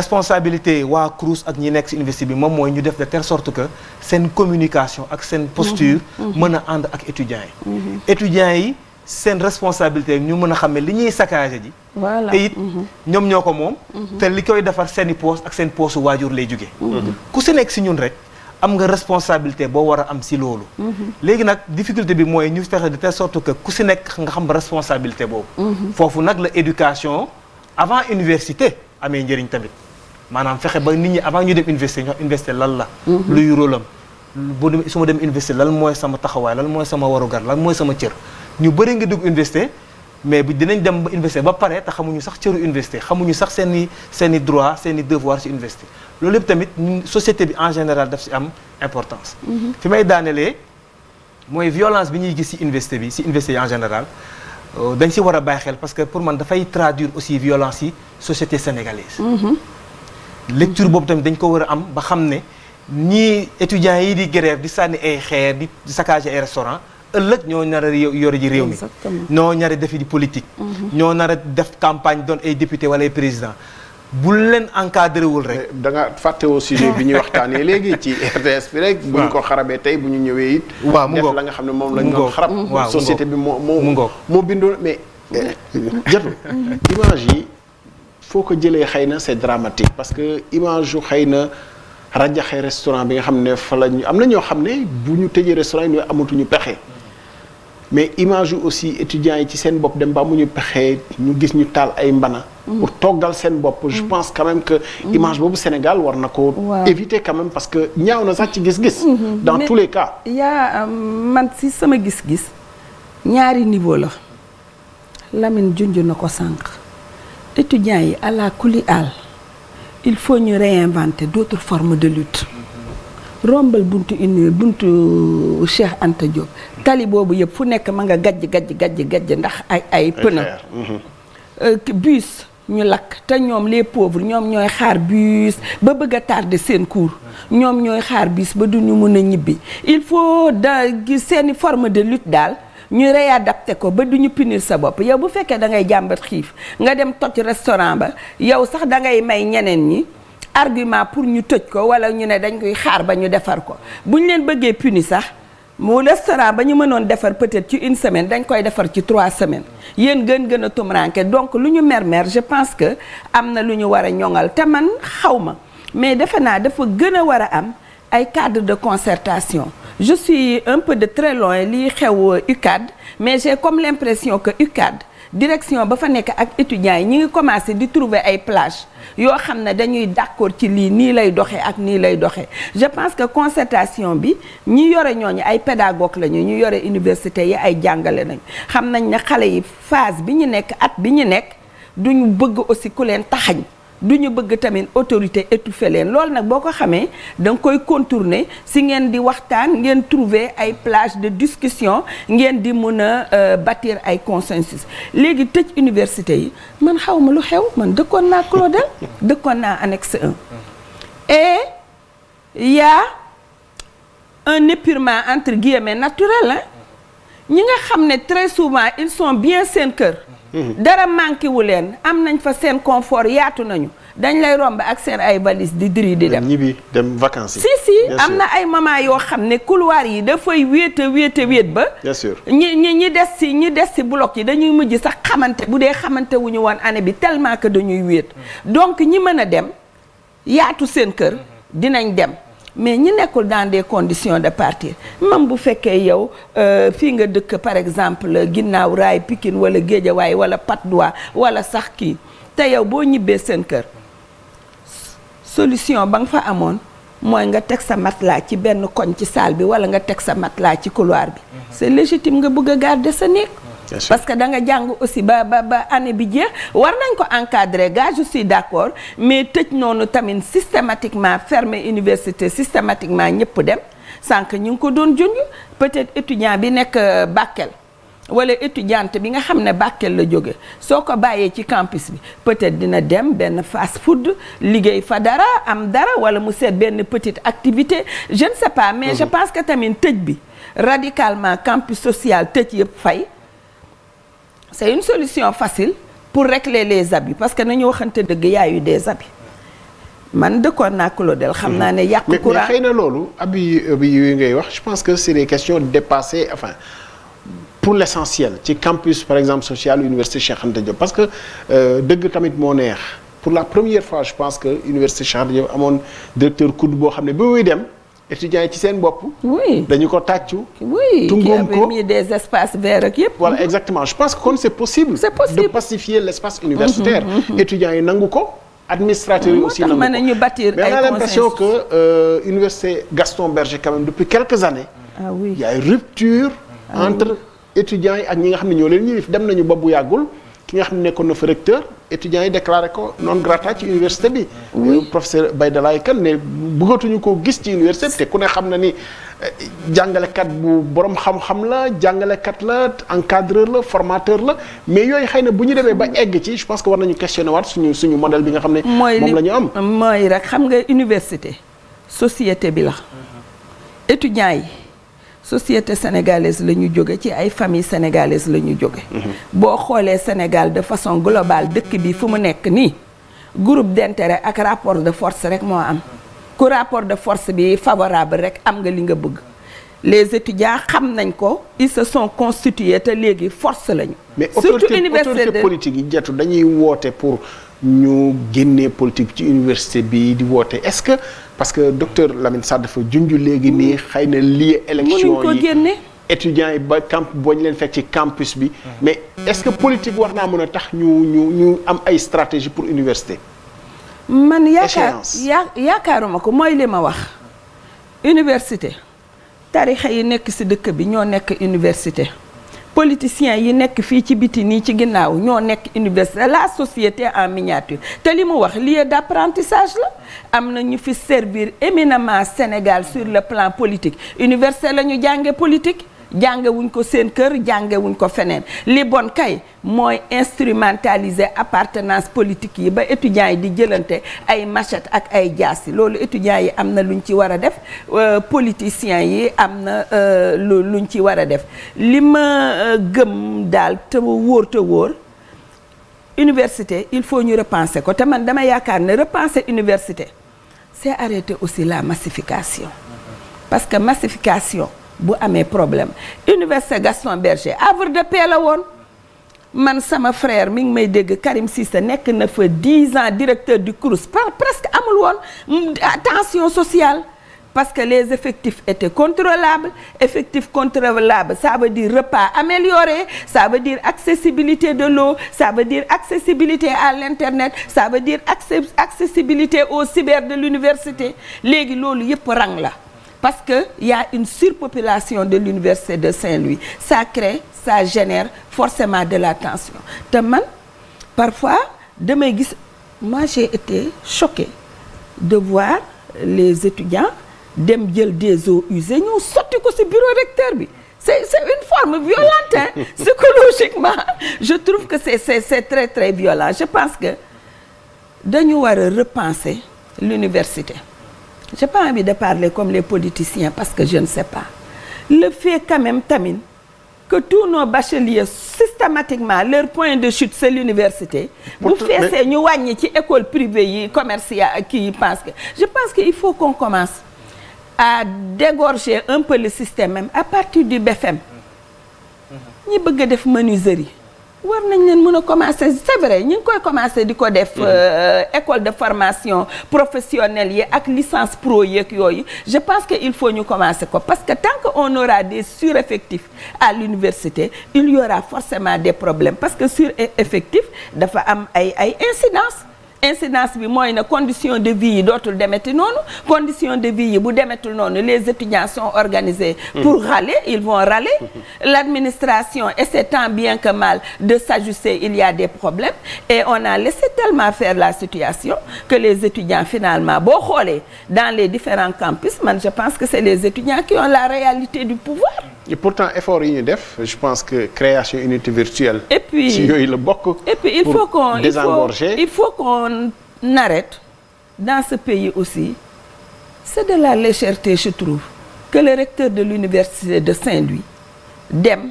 responsabilité waa CROUS ak ñi nekk si université bi moom mooy ñu def de telle sorte que seen communication ak seen posture. Mm-hmm. mën a ànd ak étudiants yi. étudiants yi seen responsabilité ñu mën a xam ne li ñuy saccagé ji. voilà te it ñoom ñoo ko moom. te li koy defar seen i poos ak seen poosu waajur lay jóge ku si nekk si ñun rek. am nga responsabilité boo war a am si loolu. Mhm. léegi nag difficulté bi mooy ñu fexe de telle sorte que ku si nekk nga xam responsabilité boobu. Mhm. foofu nag la éducation avant université amee njëriñ tamit maanaam fexe ba nit ñi avant ñu dem université ñu xam lan la. Mhm. lu rôle am boo su ma dem université lan mooy sama taxawaay lan mooy sama warugar lan mooy sama cër ñu bëri nga dugg université. mais bu dinañ dem ba université ba pare te xamuñu sax cëru université xamuñu sax seen i seen i droit seen i devoir ci loolu yëpp tamit société bi en général daf si am importance. Mhm. fi may daanelee mooy violence bi ñuy gis si investé bi si université yi en général euh, dañ si war a bàyyi xel parce que pour man dafay traduir aussi violence yi société sénégalaise. Mhm. lecture boobu tamit dañ ko war a am ba xam ne ñii étudiants yi di grève di sànni ay xeer di saccager ay restaurant ëllëg ñoo nar yore ji réew mi. ñoo nar a defi di politique. Mhm. ñoo nar a def campagne doon ay député wala ay président bul leen encadré wul rek. Eh, da nga fàttewoo sujet bi ñuy waxtaanee léegi ci [laughs] RTS bi rek. bu ñu ko xarabee tey bu ñu ñëwee it. waaw mu la nga xam ne moom la ñu doon xarab. société bi moo moo. mu ngoog moo bindoon mais. Eh, jotul [laughs] image yi foo ko jëlee xëy na c'est dramatique parce que image yu xëy na rajaxe restaurant bi nga xam ne fa la ñu am na ñoo xam ne bu ñu tëjee restaurant yi amatuñu pexe. mais image yu aussi étudiants yi ci seen bopp dem ba ñu pexee ñu gis ñu taal ay mbana. Mm. pour toggal seen bopp. je mm. pense quand même mm. image boobu Sénégal war na ko. éviter quand même parce que ñaaw na sax ci gis-gis. Mm-hmm. dans tous les cas. yaa euh, man si sama gis-gis ñaari niveau la Lamine junj na ko sànq étudiants yi à la àll il faut ñu réinventer d'autres forme de lutte. rombal buntu uni buntu euh, Cheikh Anta Diop tali boobu yëpp fu nekk ma nga gajj gajj gajj gajj ndax ay ay pneu mhm. euh, bus ñu lakk te ñoom les pauvres ñoom ñooy xaar bus ba bëgg a tardé seen cour ñoom ñooy xaar bus ba du ñu mun a ñibbi il faut da seeni forme de lutte daal ñu réadapté ko ba du ñu punir sa bopp yow bu fekkee da ngay jàmbat xiif nga dem toj restaurant ba yow sax da ngay may ñeneen ñi argument pour ñu tëj ko wala ñu ne dañ koy xaar ba ñu defar ko bu ñu leen bëggee puni sax mu restaurant ba ñu mënoon defar peut-être ci une semaine dañ koy defar ci trois semaines yéen gën gën a tumranke donc lu ñu mermer je pense que am na lu ñu war a ñoŋal te man xaw ma mais defe naa dafa gën a war a am ay cadre de concertation je suis un peu de très loin li xew UCAD mais j'ai comme l'impression que UCAD direction ba fa nekk ak étudiants yi ñi ngi commencé di trouver ay plage yoo xam ne dañuy d'accord ci lii nii lay doxee ak nii lay doxee je pense que concertation bi ñi yore ñooñu ay pédagogue lañu ñu yore université yi ay jàngale nañu xam nañ ne xale yi phase bi ñu nekk at bi ñu nekk duñu bëgg aussi ku leen taxañ du ñu bëgg tamit autorité étouffé leen loolu nag boo ko xamee danga koy contourner si ngeen di waxtaan ngeen trouver ay plage de discussion ngeen di mun a euh, bâtir ay consensus léegi tëj université yi man xaw ma lu xew man dëkkoon naa Claudel [laughs] dëkkoon naa annexe 1 et y un épurement entre guillemets naturel hein ñi nga xam ne très souvent ils son bien seen kër. Mhm. dara manqué wu leen am nañ fa seen confort yaatu nañu dañ lay romb ak seen ay valise di diri di dem. ñibbi dem vacances yi. si si am na ay moments yoo xam ne couloir yi dafay wéete a wéet ba. bien sûr ñi ñi ñi des si ñi des si bloc yi dañuy mujj sax xamante bu dee xamante wu ñu woon année bi tellement que dañuy wéet. Mhm. donc ñi mën a dem yaatu seen kër mhm. dinañ dem. mais ñi nekkul dans des conditions de partir même bu fekkee yow euh, fii nga dëkk par exemple ginnaaw raay Pikine wala Géejawaay wala Patte d'Oie wala sax kii te yow boo ñibbee seen kër solution ba nga fa amoon mooy nga teg sa matelas ci benn koñ ci salle bi wala nga teg sa matelas ci couloir bi mhm. c'est légitime nga bëgg a garder sa néeg parce que da nga jàng aussi ba ba ba année bi jeex war nañ ko encadrer gars je suis d'accord mais tëj noonu tamit systématiquement fermer université systématiquement ñëpp dem sànq ñu ngi ko doon junj peut-être étudiant bi nekk euh, Bakel wala étudiante bi nga xam ne Bakel la jóge soo ko bàyyee ci campus bi peut-être dina dem benn fast food liggéey fa dara am dara wala mu seet benn petite activité je ne sais pas mais je mhm. pense que tamit tëj bi radicalement campus social tëj yëpp fay c'est une solution facile pour régler les abus parce que nañu waxante dëgg yaayu des abus man dëkkoon naa del xam naa ne yàq courant mais xëy na loolu abus bi yu ngay wax je pense que c'est des questions dépassées enfin pour l'essentiel ci campus par exemple social université Cheikh Anta Diop parce que euh, dëgg tamit moo neex pour la première fois je pense que université Cheikh Anta Diop amoon directeur COUD boo xam ne ba muy dem étudiants yi ci seen bopp. dañu ko tàccu. oui tungoom ko qui des espaces verts ak yëpp. voilà exactement je pense que c'est possible. de pacifier l'espace universitaire. Mm-hmm, mm-hmm, mm-hmm. étudiants yi nangu ko. administrateurs yi aussi nangu ko mais on a l'impression que euh, université Gaston Berger quand même depuis quelques années. ah oui il y a une rupture. Ah, entre oui. étudiants yi ak ñi nga xam ne ñoo leen dem nañu ba bu yàggul. ki nga xam ne nekkoon na fa recteur étudiants yi déclaré ko non grata ci université bi. professeur Baydalaay Kan ne bëggatuñu koo gis ci université te ku ne xam na ni eh, jàngalekat bu borom xam-xam la jàngalekat la encadreur la formateur la mais yooyu xëy na bu ñu demee ba egg ci je pense que war nañu questionné waat suñu suñu modèle bi nga xam ne. moom la ñu am mooy rek xam nga université. société bi la. Mm-hmm. étudiants yi. société sénégalaise la ñu jóge ci ay famille sénégalaise la ñu jóge mhm. boo xoolee Sénégal de façon globale dëkk bi fu mu nekk nii groupe d'intérêt ak rapport de force rek moo am ku rapport de force bi favorable rek am nga li nga bëgg les étudiants xam nañ ko ils se son constitués te léegi force lañu. surtout université mais autorité politique yi jotu dañuy woote pour. ñu génnee politique ci université bi di woote est-ce que parce que docteur Lamine Sarr dafa junj léegi nii mm. xëy na lié élection yi étudiants yi ba camp booñ leen fekk ci campus bi mm-hmm. mais est-ce que politique wax naa mën a tax ñu ñu ñu am ay stratégie pour université man yaakaar yaakaaruma ko mooy li ma wax université tarixa yi nekk ci dëkk bi ñoo nekk université politiciens yi nekk fii ci biti nii ci ginnaaw ñoo nekk université la société en miniature te li mu wax lieu d'apprentissage la am na ñu fi servir éminemment Sénégal sur le plan politique université la ñu jànge politique jàngewuñ ko seen kër jàngewuñ ko feneen li bon kay mooy instrumentaliser appartenance politique yi ba étudiants yi di jëlante ay machette ak ay jaasi loolu étudiants yi am na luñ ci war a def euh, politiciens yi am na euh, lu luñ ci war a def li ma euh, gëm daal te wóor te wóor université il faut ñu repenser ko te man dama yaakaar ne repenser université c'est arrêter aussi la massification parce que massification bu amee problème université Gaston Berger havre de paix la woon man sama frère mi ngi may dégg Karim Cissé nekk na fa 10 ans directeur du CROUS presque amul woon tension sociale parce que les effectifs étaient contrôlables effectifs contrôlables ça veut dire repas amélioré ça veut dire accessibilité de l'eau ça veut dire accessibilité à l'internet ça veut dire accessibilité au cyber de l'université léegi loolu yëpp rang la parce que y a une surpopulation de l'université de Saint-Louis ça crée ça génère forcément de la tension te man parfois damay gis moi j'ai été choquée de voir les étudiants dem jël des eaux usées ñoo sotti bureau recteur bi c'est une forme violente [laughs] psychologiquement je trouve que c'est c'est c'est très très violent je pense que dañu war a repenser l'université j'ai pas envie de parler comme les politiciens parce que je ne sais pas le fait quand même tamit que tous nos bacheliers systématiquement leur point de chute c'est l'université bu feesee ñu wàññi ci école privée yi commerciale kii euh, pense que je pense que il faut qu'on commence à dégorger un peu le système même à partir du BFM ñi bëgg a def menuiserie war nañ leen mën a commencer c'est vrai ñu ngi koy commencer di ko def mm. euh, école de formation professionnel yi ak licence pro yeeg yooyu je pense que il faut ñu commencer ko parce que tant que on aura des sureffectifs à l'université il y forcément des problèmes parce que sureffectif dafa am ay ay incidences incidence bi mooy ne condition de vie yi dootul demeti noonu condition de vie yi bu demetul noonu les étudiants sont organisés hmm. pour râler ils vont râler hmm. [laughs] l'administration essaie tant bien que mal de s'ajuster il y a des problèmes et on a laissé tellement faire la situation que les étudiants finalement boo xoolee dans les différents campus man je pense que c'est les étudiants qui ont la réalité du pouvoir et pourtant effort yi ñu def je pense que création unité virtuelle. et puis ci yooyu la bokk. et puis il faut qu'on il faut il faut qu'on arrête dans ce pays aussi c'est de la légèreté je trouve que le recteur de l'université de Saint-Louis dem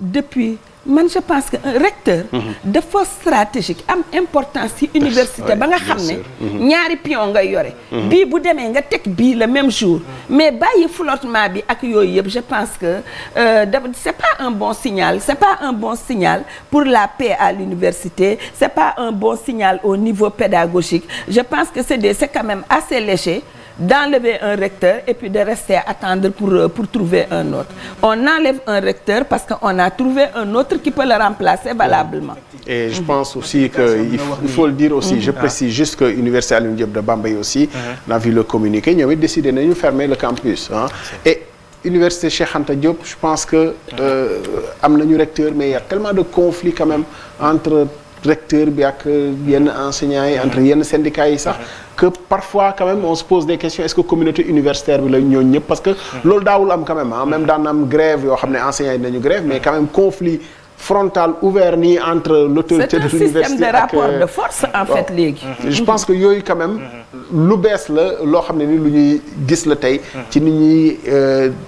depuis. man je pense que un recteur mhm. dafa stratégique am importance ci université ba nga xam ne mhm. ñaari piyon ngay yore mhm. bii bu demee nga teg bii le même jour mais bàyyi flottement bi ak yooyu yëpp je pense que euh, da c'est pas un bon signal c'est pas un bon signal pour la paix à l'université c'est pas un bon signal au niveau pédagogique je pense que c'est des c'est quand même assez léger d'enlever un recteur et puis de rester attendre pour, euh, pour trouver un autre. On enlève un recteur parce qu'on a trouvé un autre qui peut le remplacer valablement. Et je pense aussi mmh. que il faut, il faut le dire aussi, mmh. je précise juste que l'Université Alioune Diop de Bambey aussi, on a vu le communiqué, ñoom it fermer le campus hein. Et Université Cheikh Anta Diop je pense que euh, am nañu recteur mais il y a tellement de conflits quand même entre recteur bi ak euh, yenn enseignants yi entre yenn syndicats yi sax que parfois quand on se pose des questions est-ce que communauté universitaire bi la ñëpp parce que hmm. loolu daawul am quand ah, daan am grève yoo xam ne enseignants yi dinañu grève mais quand même conflit frontal ouvert nii entre l'autorité de l'université c'est un système de rapport euh, de force en fait léegi je hmm. pense que yooyu quand hmm. lu bees la loo xam ne ni lu ñuy gis la tey ci nit ñuy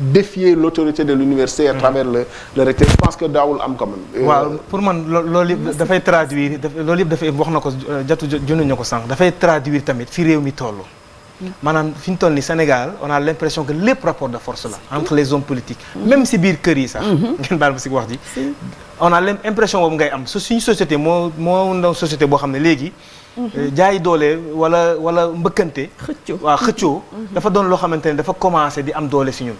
défier l'autorité de l'université à mm. travers le que daawul am quand même. Euh, waaw pour man loolu yëpp dafay traduire loolu yëpp dafay wax na ko jotu euh, jatu junne ñu ko sànq dafay traduire tamit fi réew mi toll. Mm. maanaam fi ñu toll ni Sénégal on a l' impression lépp rapport de force la mm. entre les hommes politiques même si biir kër yi sax mm-hmm. [laughs] ngeen baal ma si wax ji on a l' impression boobu ngay am su suñu société moo moo ndaw société boo xam ne léegi mm-hmm. euh, jaay doole wala wala mbëkkante xëccoo waaw xëccoo mm-hmm. dafa doon loo xamante ne dafa commencé di am doole si ñun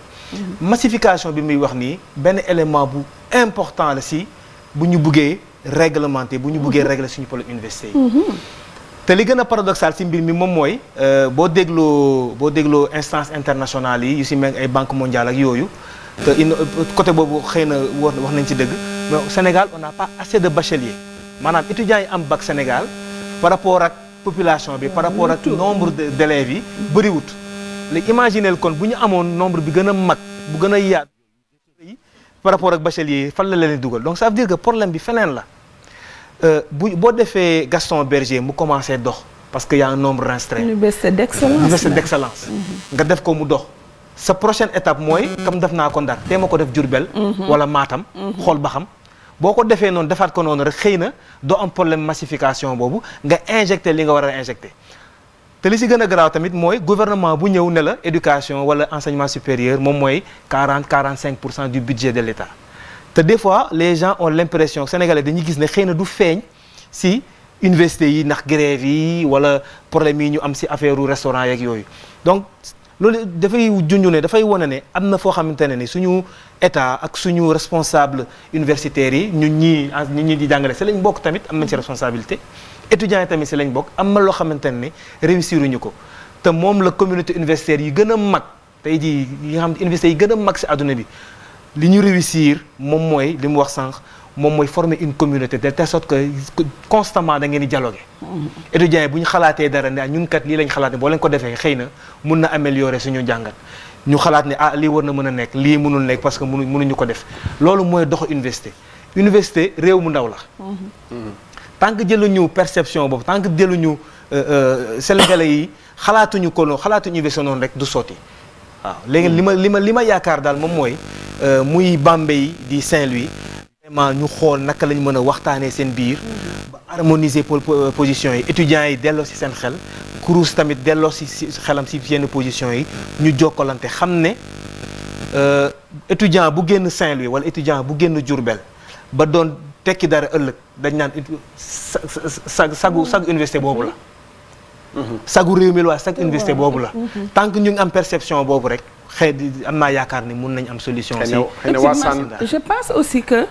massification bi muy wax nii benn élément bu important la si bu ñu buggee réglementer bu ñu buggee mhm. régler suñu problème université yi mhm. te li gën a paradoxal si mbir mi moom mooy euh, boo dégloo boo dégloo instance internationale yi yu si mel ay banque mondiale ak yooyu te in côté boobu xëy na wax nañ si dëgg Sénégal on n'a pas assez de bacheliers maanaam étudiants yi am bac Sénégal par rapport ak population bi par rapport ak nombre d'élèves yi bëriwut léegi imagineel kon bu ñu amoon nombre bi gën a mag bu gën a yaat par rapport ak bachelier yi fan la leen dugal donc ça veut dire que problème bi feneen la euh, bu boo defee Gaston Berger mu commencé dox parce que y un nombre restreint. université d'excellence université d'excellence mhm. nga def ko mu dox. sa prochaine étape mooy comme def naa ko Ndar tee ma ko def Jurbel mhm. wala maatam mhm. xool ba xam boo ko defee noonu defaat ko noonu rek xëy na doo am problème massification boobu nga injecté li nga war a injecté. te li si gën a garaaw tamit mooy gouvernement bu ñëw ne la éducation wala enseignement supérieur moom mooy quarante 40 45 pour cent du budget de l'État te des fois les gens ont l'impression sénégalais dañuy gis ne xëy na du feeñ si université yi ndax grève yi wala problème yi ñu am si affaire u restaurant yeeg yooyu donc loolu dafay junju ne dafay wane ne am na foo xamante ne ni suñu état ak suñu responsable universitaires yi ñun ñii ñun ñii di jàngale ci lañ bokk tamit am nañ ci responsabilité étudiants yi tamit si lañ bokk am na loo xamante ne réussir uñu ko te moom la communauté universitaire yi gën a mag tey jii yi nga xam université yi gën a mag si àdduna bi li ñu réussir moom mooy li mu wax sànq moom mooy former une communauté de telle sorte que constamment da ngeen di dialoguer mm-hmm. étudiants yi bu ñu xalaatee dara ne ñun kat lii lañ xalaat ne boo leen ko defee xëy na mun na améliorer suñu jàngat ñu xalaat ni ah lii war na mën a nekk lii mënul nekk parce que mënu mënuñu ko def loolu mooy dox université université réew mu ndaw la mm-hmm. Mm-hmm. tant que jëluñu perception boobu tant que jëluñu euh, euh, sénégalais yi xalaatuñu ko noonu xalaatuñu weesoo noonu rek du sotti waaw léegi li ma li ma li ma yaakaar daal moom mooy euh, muy Bambey di Saint-Louis vraiment ñu xool naka lañ mën a waxtaanee seen biir ba harmoniser position yi étudiants yi delloo si seen xel CROUS tamit delloo si xelam si yenn position yi ñu jokkalante xam ne étudiant bu génn Saint-Louis wala étudiant bu génn jurbel ba doon tekki dara ëllëg dañ naan sag sagu sag université boobu la mhm. sagu réew mi la waa sag université boobu la mhm. tant que ñu ngi am perception boobu rek xëy am naa yaakaar ni mun nañ am solution si je pense aussi que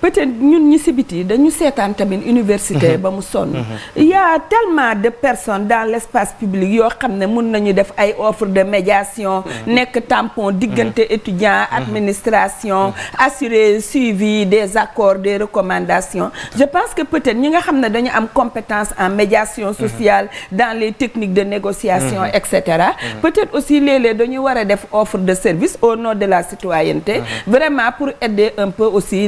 peut-être ñun ñi si biti dañu seetaan tamit université mhm. ba mu sonn mhm. y tellement de personnes dans l'espace public yoo xam ne mun nañu def ay offre de médiation mhm. nekk tampon diggante étudiant administration assurer suivi des accords des recommandations je pense que peut-être ñi nga xam ne dañu am compétence en médiation sociale dans les techniques de négociation et cetera peut-être aussi léeg-léeg dañu war a def offre de service au non de la citoyenneté vraiment pour aider un peu aussi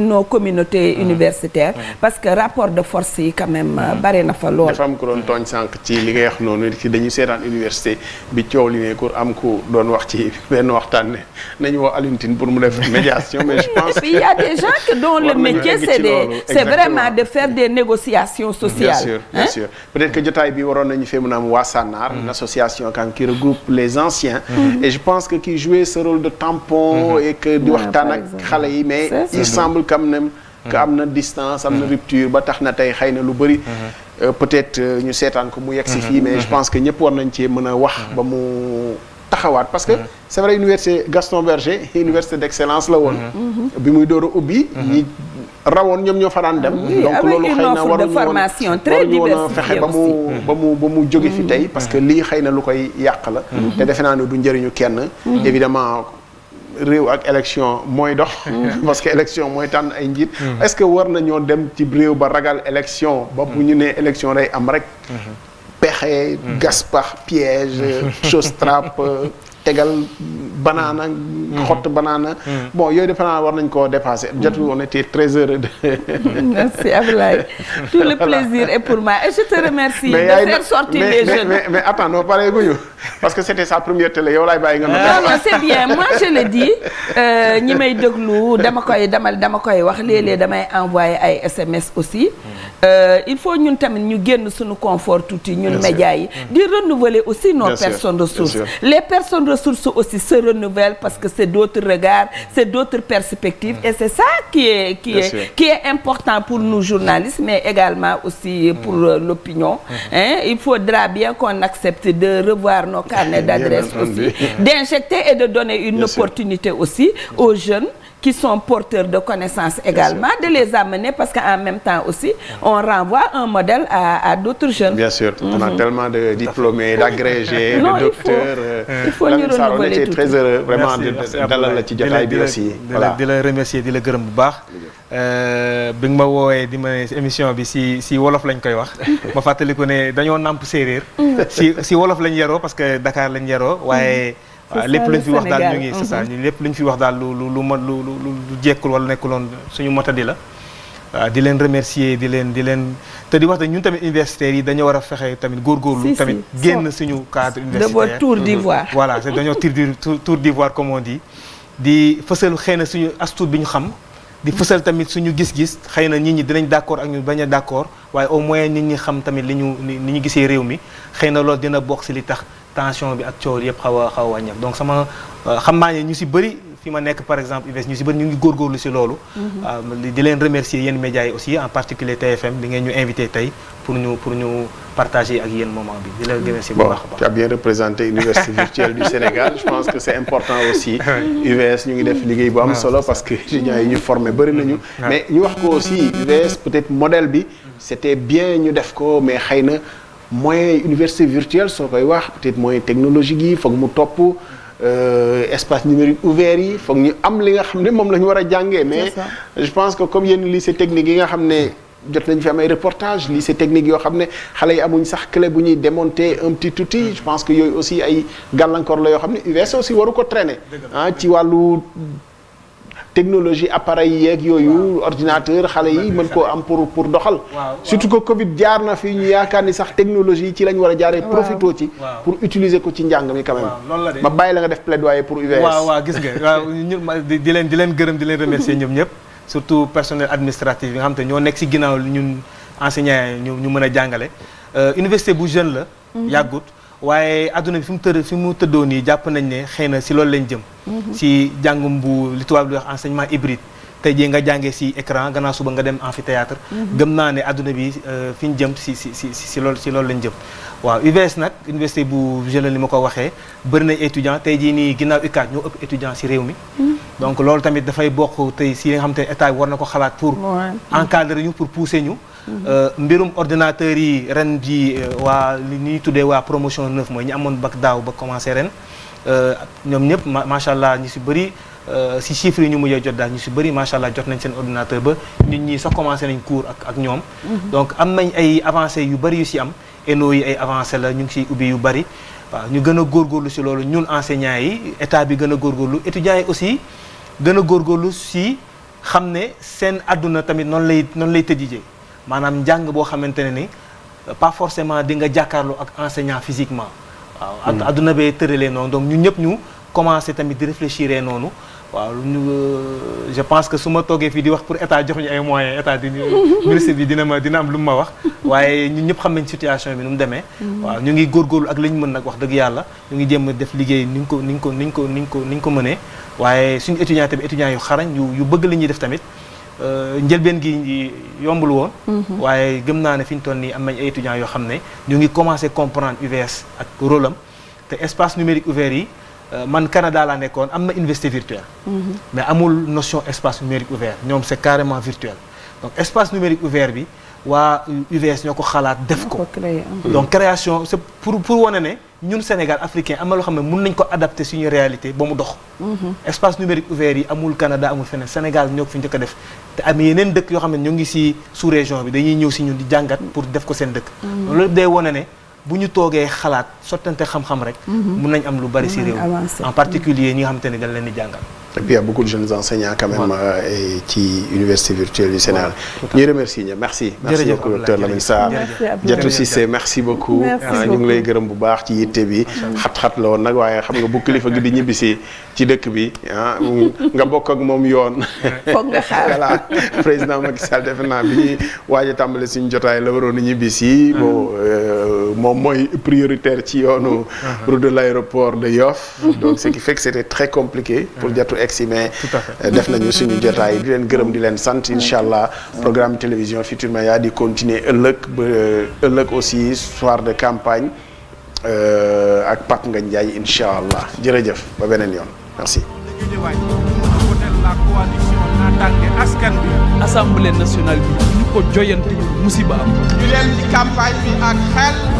communauté ah. universitaire ah. parce que rapport de force yi quand même ah. bare na lool dafa am ko doon tooñ sànq ci li nga wax noonu ci dañu seetaan université bi coow li ne ko am ko doon wax ci [laughs] benn waxtaan ne nañu woo Alioune Tine pour mu def médiation mais je pense [laughs] il y a des gens que dont [laughs] le métier c'est de vraiment de faire des négociations sociales bien sûr bien sûr peut-être que jotaay bi waroon nañu fee mën a am waa Sanar une mm-hmm. association quand même qui regroupe les anciens mm-hmm. et je pense que qui jouait ce rôle de tampon mm-hmm. et que di waxtaan ak xale yi mais il semble quand même que am na distance am na mm-hmm. rupture ba tax na tey xëy na lu bëri mm-hmm. euh, peut-être euh, ñu seetaan ko mu yegg si fii mm-hmm. mais je pense que ñëpp war nañ cee mën a wax ba mu taxawaat parce que c'est vrai université Gaston Berger université d'excellence la woon bi muy door a ubbi ñi rawoon ñoom ñoo fa dem donc loolu xëy na waruñu woon waruñu woon a fexe ba mu ba mu ba mu jóge fi tey parce que lii xëy na lu koy yàq la te defe naa ne du njëriñu kenn évidemment réew ak élection mooy dox. Mhm. parce que élection mooy tànn ay njiit. Mhm. est-ce que war nañoo dem ci réew ba ragal élection. ba bu ñu ne élection day am rek. Mhm. pexe. gaspax piège. [laughs] chose trappe. tegal banaana. Mm. xott mm. banaana. Mm. bon yooyu defe naa war nañ koo dépasser. jotul on était très heureux de. [laughs] merci Ablaye [laughs] tout le plaisir est pour moi et je te remercie. de faire sortir les jeunes mais mais attends non pare guñu parce que c' était sa première télé yow laay bàyyi nga. non non c' bien moi je le dis euh, ñi may déglu dama koy dama dama koy wax léeg-léeg damay envoyé ay SMS aussi. Euh, il faut ñun tamit ñu génn sunu confort tuuti ñun média yi. di renouveler ressources aussi se renouvellent parce que c'est d'autres regards, c'est d'autres perspectives et c'est ça qui est, qui, Bien est, sûr. qui important pour nous journalistes mais également aussi pour euh, l'opinion. Hein? Il faudra bien qu'on accepte de revoir nos carnets [laughs] d'adresses aussi, d'injecter et de donner une Bien opportunité aussi aux jeunes qui sont porteurs de connaissances également, de les amener parce qu'en même temps aussi, on renvoie un modèle à, d'autres jeunes. Bien mhm. de diplômés, d'agrégés, de docteurs. Il euh, vraiment la ci jotaay bi aussi. voilà di la remercier di la gërëm bu baax. Euh, bi nga ma woowee di ma émission bi si si wolof lañ koy wax. [laughs] ma fàttaliku ne dañoo nàmp séeréer. Mm. si si wolof lañ yaroo parce que Dakar lañ yaroo mm. waaye. waaw ah, lépp luñ fi wax daal ñu ngi c'est ça mhm. lépp fi wax daal lu lu lu ma lu lu jekkul wala nekkuloon suñu di la waaw ah, di leen remercier di leen di leen te di wax ne ñun tamit universitaires yi dañoo war a fexe tamit góorgóorlu tamit génn suñu cadre universitaire d'abord tour d'ivoire mhm. voilà dañoo tour tour d'ivoire comme on di fësal xëy na suñu astuut bi ñu xam di fësal tamit suñu gis-gis xëy na nit ñi dinañ d'accord ak ñun bañ a d'accord waaye au moins nit ñi xam tamit li ñu ni ñu gisee réew mi xëy na loolu dina bokk si li tax tension bi ak coow yëpp xaw a xaw a wàññeeku donc sama euh, xam naa ñu si bëri fi ma nekk par exemple UVS ñu si bëri ñu ngi góorgóorlu si loolu. Mm-hmm. Euh, di leen remercier yéen médias yi aussi en particulier TFM bi ngeen ñu invité tey pour ñu pour ak yéen moment bi di leen remercier bu baax a baax. bien représenté l'université virtuelle du Sénégal je pense que c'est important aussi. UVS [laughs] ñu ngi def liggéey bu am solo parce que étudiants yi ñu formé bëri nañu. mais ñu wax moyen université virtuelle soo koy wax peut-être moyen technologique yi foog mu topp euh, espace numérique ouvert yi foog ñu am li nga xam ne moom la ñu war a jàngee mais je pense que comme yenn lycée technique yi nga xam ne jot nañ fi am ay reportage lycée technique yoo xam ne xale yi amuñ sax clé bu ñuy démonter un petit je pense que yooyu aussi ay gàllankoor la yoo xam ne UVS aussi waru ko trainer ah ci wàllu technologie appareil yeeg yooyu ordinateur xale yi mën koo am pour pour doxal surtout que Covid jaar na fii ñu yaakaar ni sax technologie ci lañ war a jaaree profitoo ci pour utiliser ko ci njàng mi quand même ma bàyyi la nga def plaidoyer pour UVS waaw gis nga waaw di leen di leen gërëm di leen remercier ñoom ñëpp surtout personnel administratif yi nga xam te ñoo nekk si ginnaaw ñun enseignants yi ñu ñu mën a jàngale euh, université bu jeune la mhm. yàggut waaye adduna bi fi mu tër fi mu tëddoo nii jàpp nañ ne xëy na si loolu lañ jëm mhm. si jàngum bu li tubaab di wax enseignement hybride tey jii nga jàngee si écran gannaaw suba nga dem amphithéâtre mhm. gëm naa ne adduna bi euh, fi ñu jëm si si si si loolu si loolu lañ jëm waaw UVS nag université bu jeune li ma ko waxee bëri na étudiant tey jii nii ginnaaw UCAD ñoo ëpp étudiant si réew mi mhm. donc loolu tamit dafay bokk tey si li nga xam te état bi war na ko xalaat pour encadrer ñu pour pousser ñu Euh, mbirum ordinateur yi ren ji euh, waa li ñuy tuddee waa promotion neuf mooy ñi amoon bac daaw ba commencé ren euh, ñoom ñëpp macha allah ñu si bëri si chiffres yi ñu mujjee jot daal ñu si bëri macha allah jot nañ seen ordinateur ba nit ñi sax commencé nañ cours ak ak ñoom. Mm-hmm. donc am nañ ay avancées yu bëri yu si am ENO yi ay avancées la ñu ngi siy ubbi yu bëri. waaw ñu gën a góorgóorlu si loolu ñun enseignants yi état bi gën a góorgóorlu étudiants yi aussi gën a góorgóorlu si xam ne seen àdduna tamit noonu lay noonu lay tëjee. maanaam njàng boo xamante ne ni euh, pas forcément di nga jàkkaarloo ak enseignant physiquement. waaw ak hmm. adduna bee tëralee noonu donc ñun ñëpp ñu commencé tamit di réfléchir noonu. waaw ñu euh, je pense que su ma toogee fii di wax pour état jox ñu ay moyens état di [laughs] ministre bi dina ma dina am lu mu ma wax waaye ñun ñëpp xam nañ situation bi nu mu demee hmm. waaw ñu ngi góorgóorlu ak li ñu mën nag wax dëgg yàlla ñu ngi jéem a def liggéey ni ñu ko ni ñu ko ni ñu ko ni ñu ko ni ñu ko mënee waaye suñu étudiants tamit yu xarañ yu yu bëgg li ñuy def tamit Euh, njëlbeen gi yombul woon. Mhm. waaye gëm naa ne fi ñu toll nii am nañ ay étudiants yoo xam ne ñu ngi commencé comprendre UVS ak rôle am te espace numérique ouvert yi euh, man Canada laa nekkoon am na université virtuelle. Mhm. mais amul notion espace numérique ouvert ñoom c'est carrément virtuel donc espace numérique ouvert bi. waa UVS ñoo ko xalaat def ko donc création c'est pour pour wane ne ñun Sénégal africain am na loo xam ne mun nañ ko adapté suñu réalité ba mu dox mhm. espace numérique ouvert yi amul Canada amul feneen Sénégal ñoo ko fi njëkk a def te am yeneen dëkk yoo xam ne ñoo ngi si sous région bi dañuy ñëw si ñun di jàngat pour def ko seen dëkk mhm. loolu day wane ne bu ñu toogee xalaat sottante xam-xam rek mhm. mun nañ am lu bari si réew en particulier ñi nga xamante ne dañ leen di jàngal Et puis il y a beaucoup de jeunes enseignants quand même euh, et ci Université virtuelle du Sénégal. ñuy remercier ñëpp merci. merci beaucoup docteur Lamine Sarr. Diatou Cissé merci beaucoup. Ah, ñu ngi lay gërëm bu baax ci yitte bi. xat-xat la woon nag waaye xam nga bu kilifa gi ñibbisi ci dëkk bi ah nga bokk ak moom yoon. foog nga xaar [laughs] voilà président Macky Sall defe naa bi ñuy waaj a tàmbali suñu jotaay la waroon a ñibbisi. bon euh, moom mooy prioritaire ci yoonu. Ah. route aéroport de Yoff. Mm-hmm. donc ce qui fait que très compliqué egg si mais def nañu suñu jotaay di leen gërëm di leen sant incha allah programme télévision Futurs Médias di continuer ëllëg ba ëllëg aussi soir de campagne euh, ak Pape nga Ndiaye incha allah jërëjëf ba beneen yoon merci tànge assemblée nationale bi ñu ko joyante musiba am ñu leen di campagne bi ak xel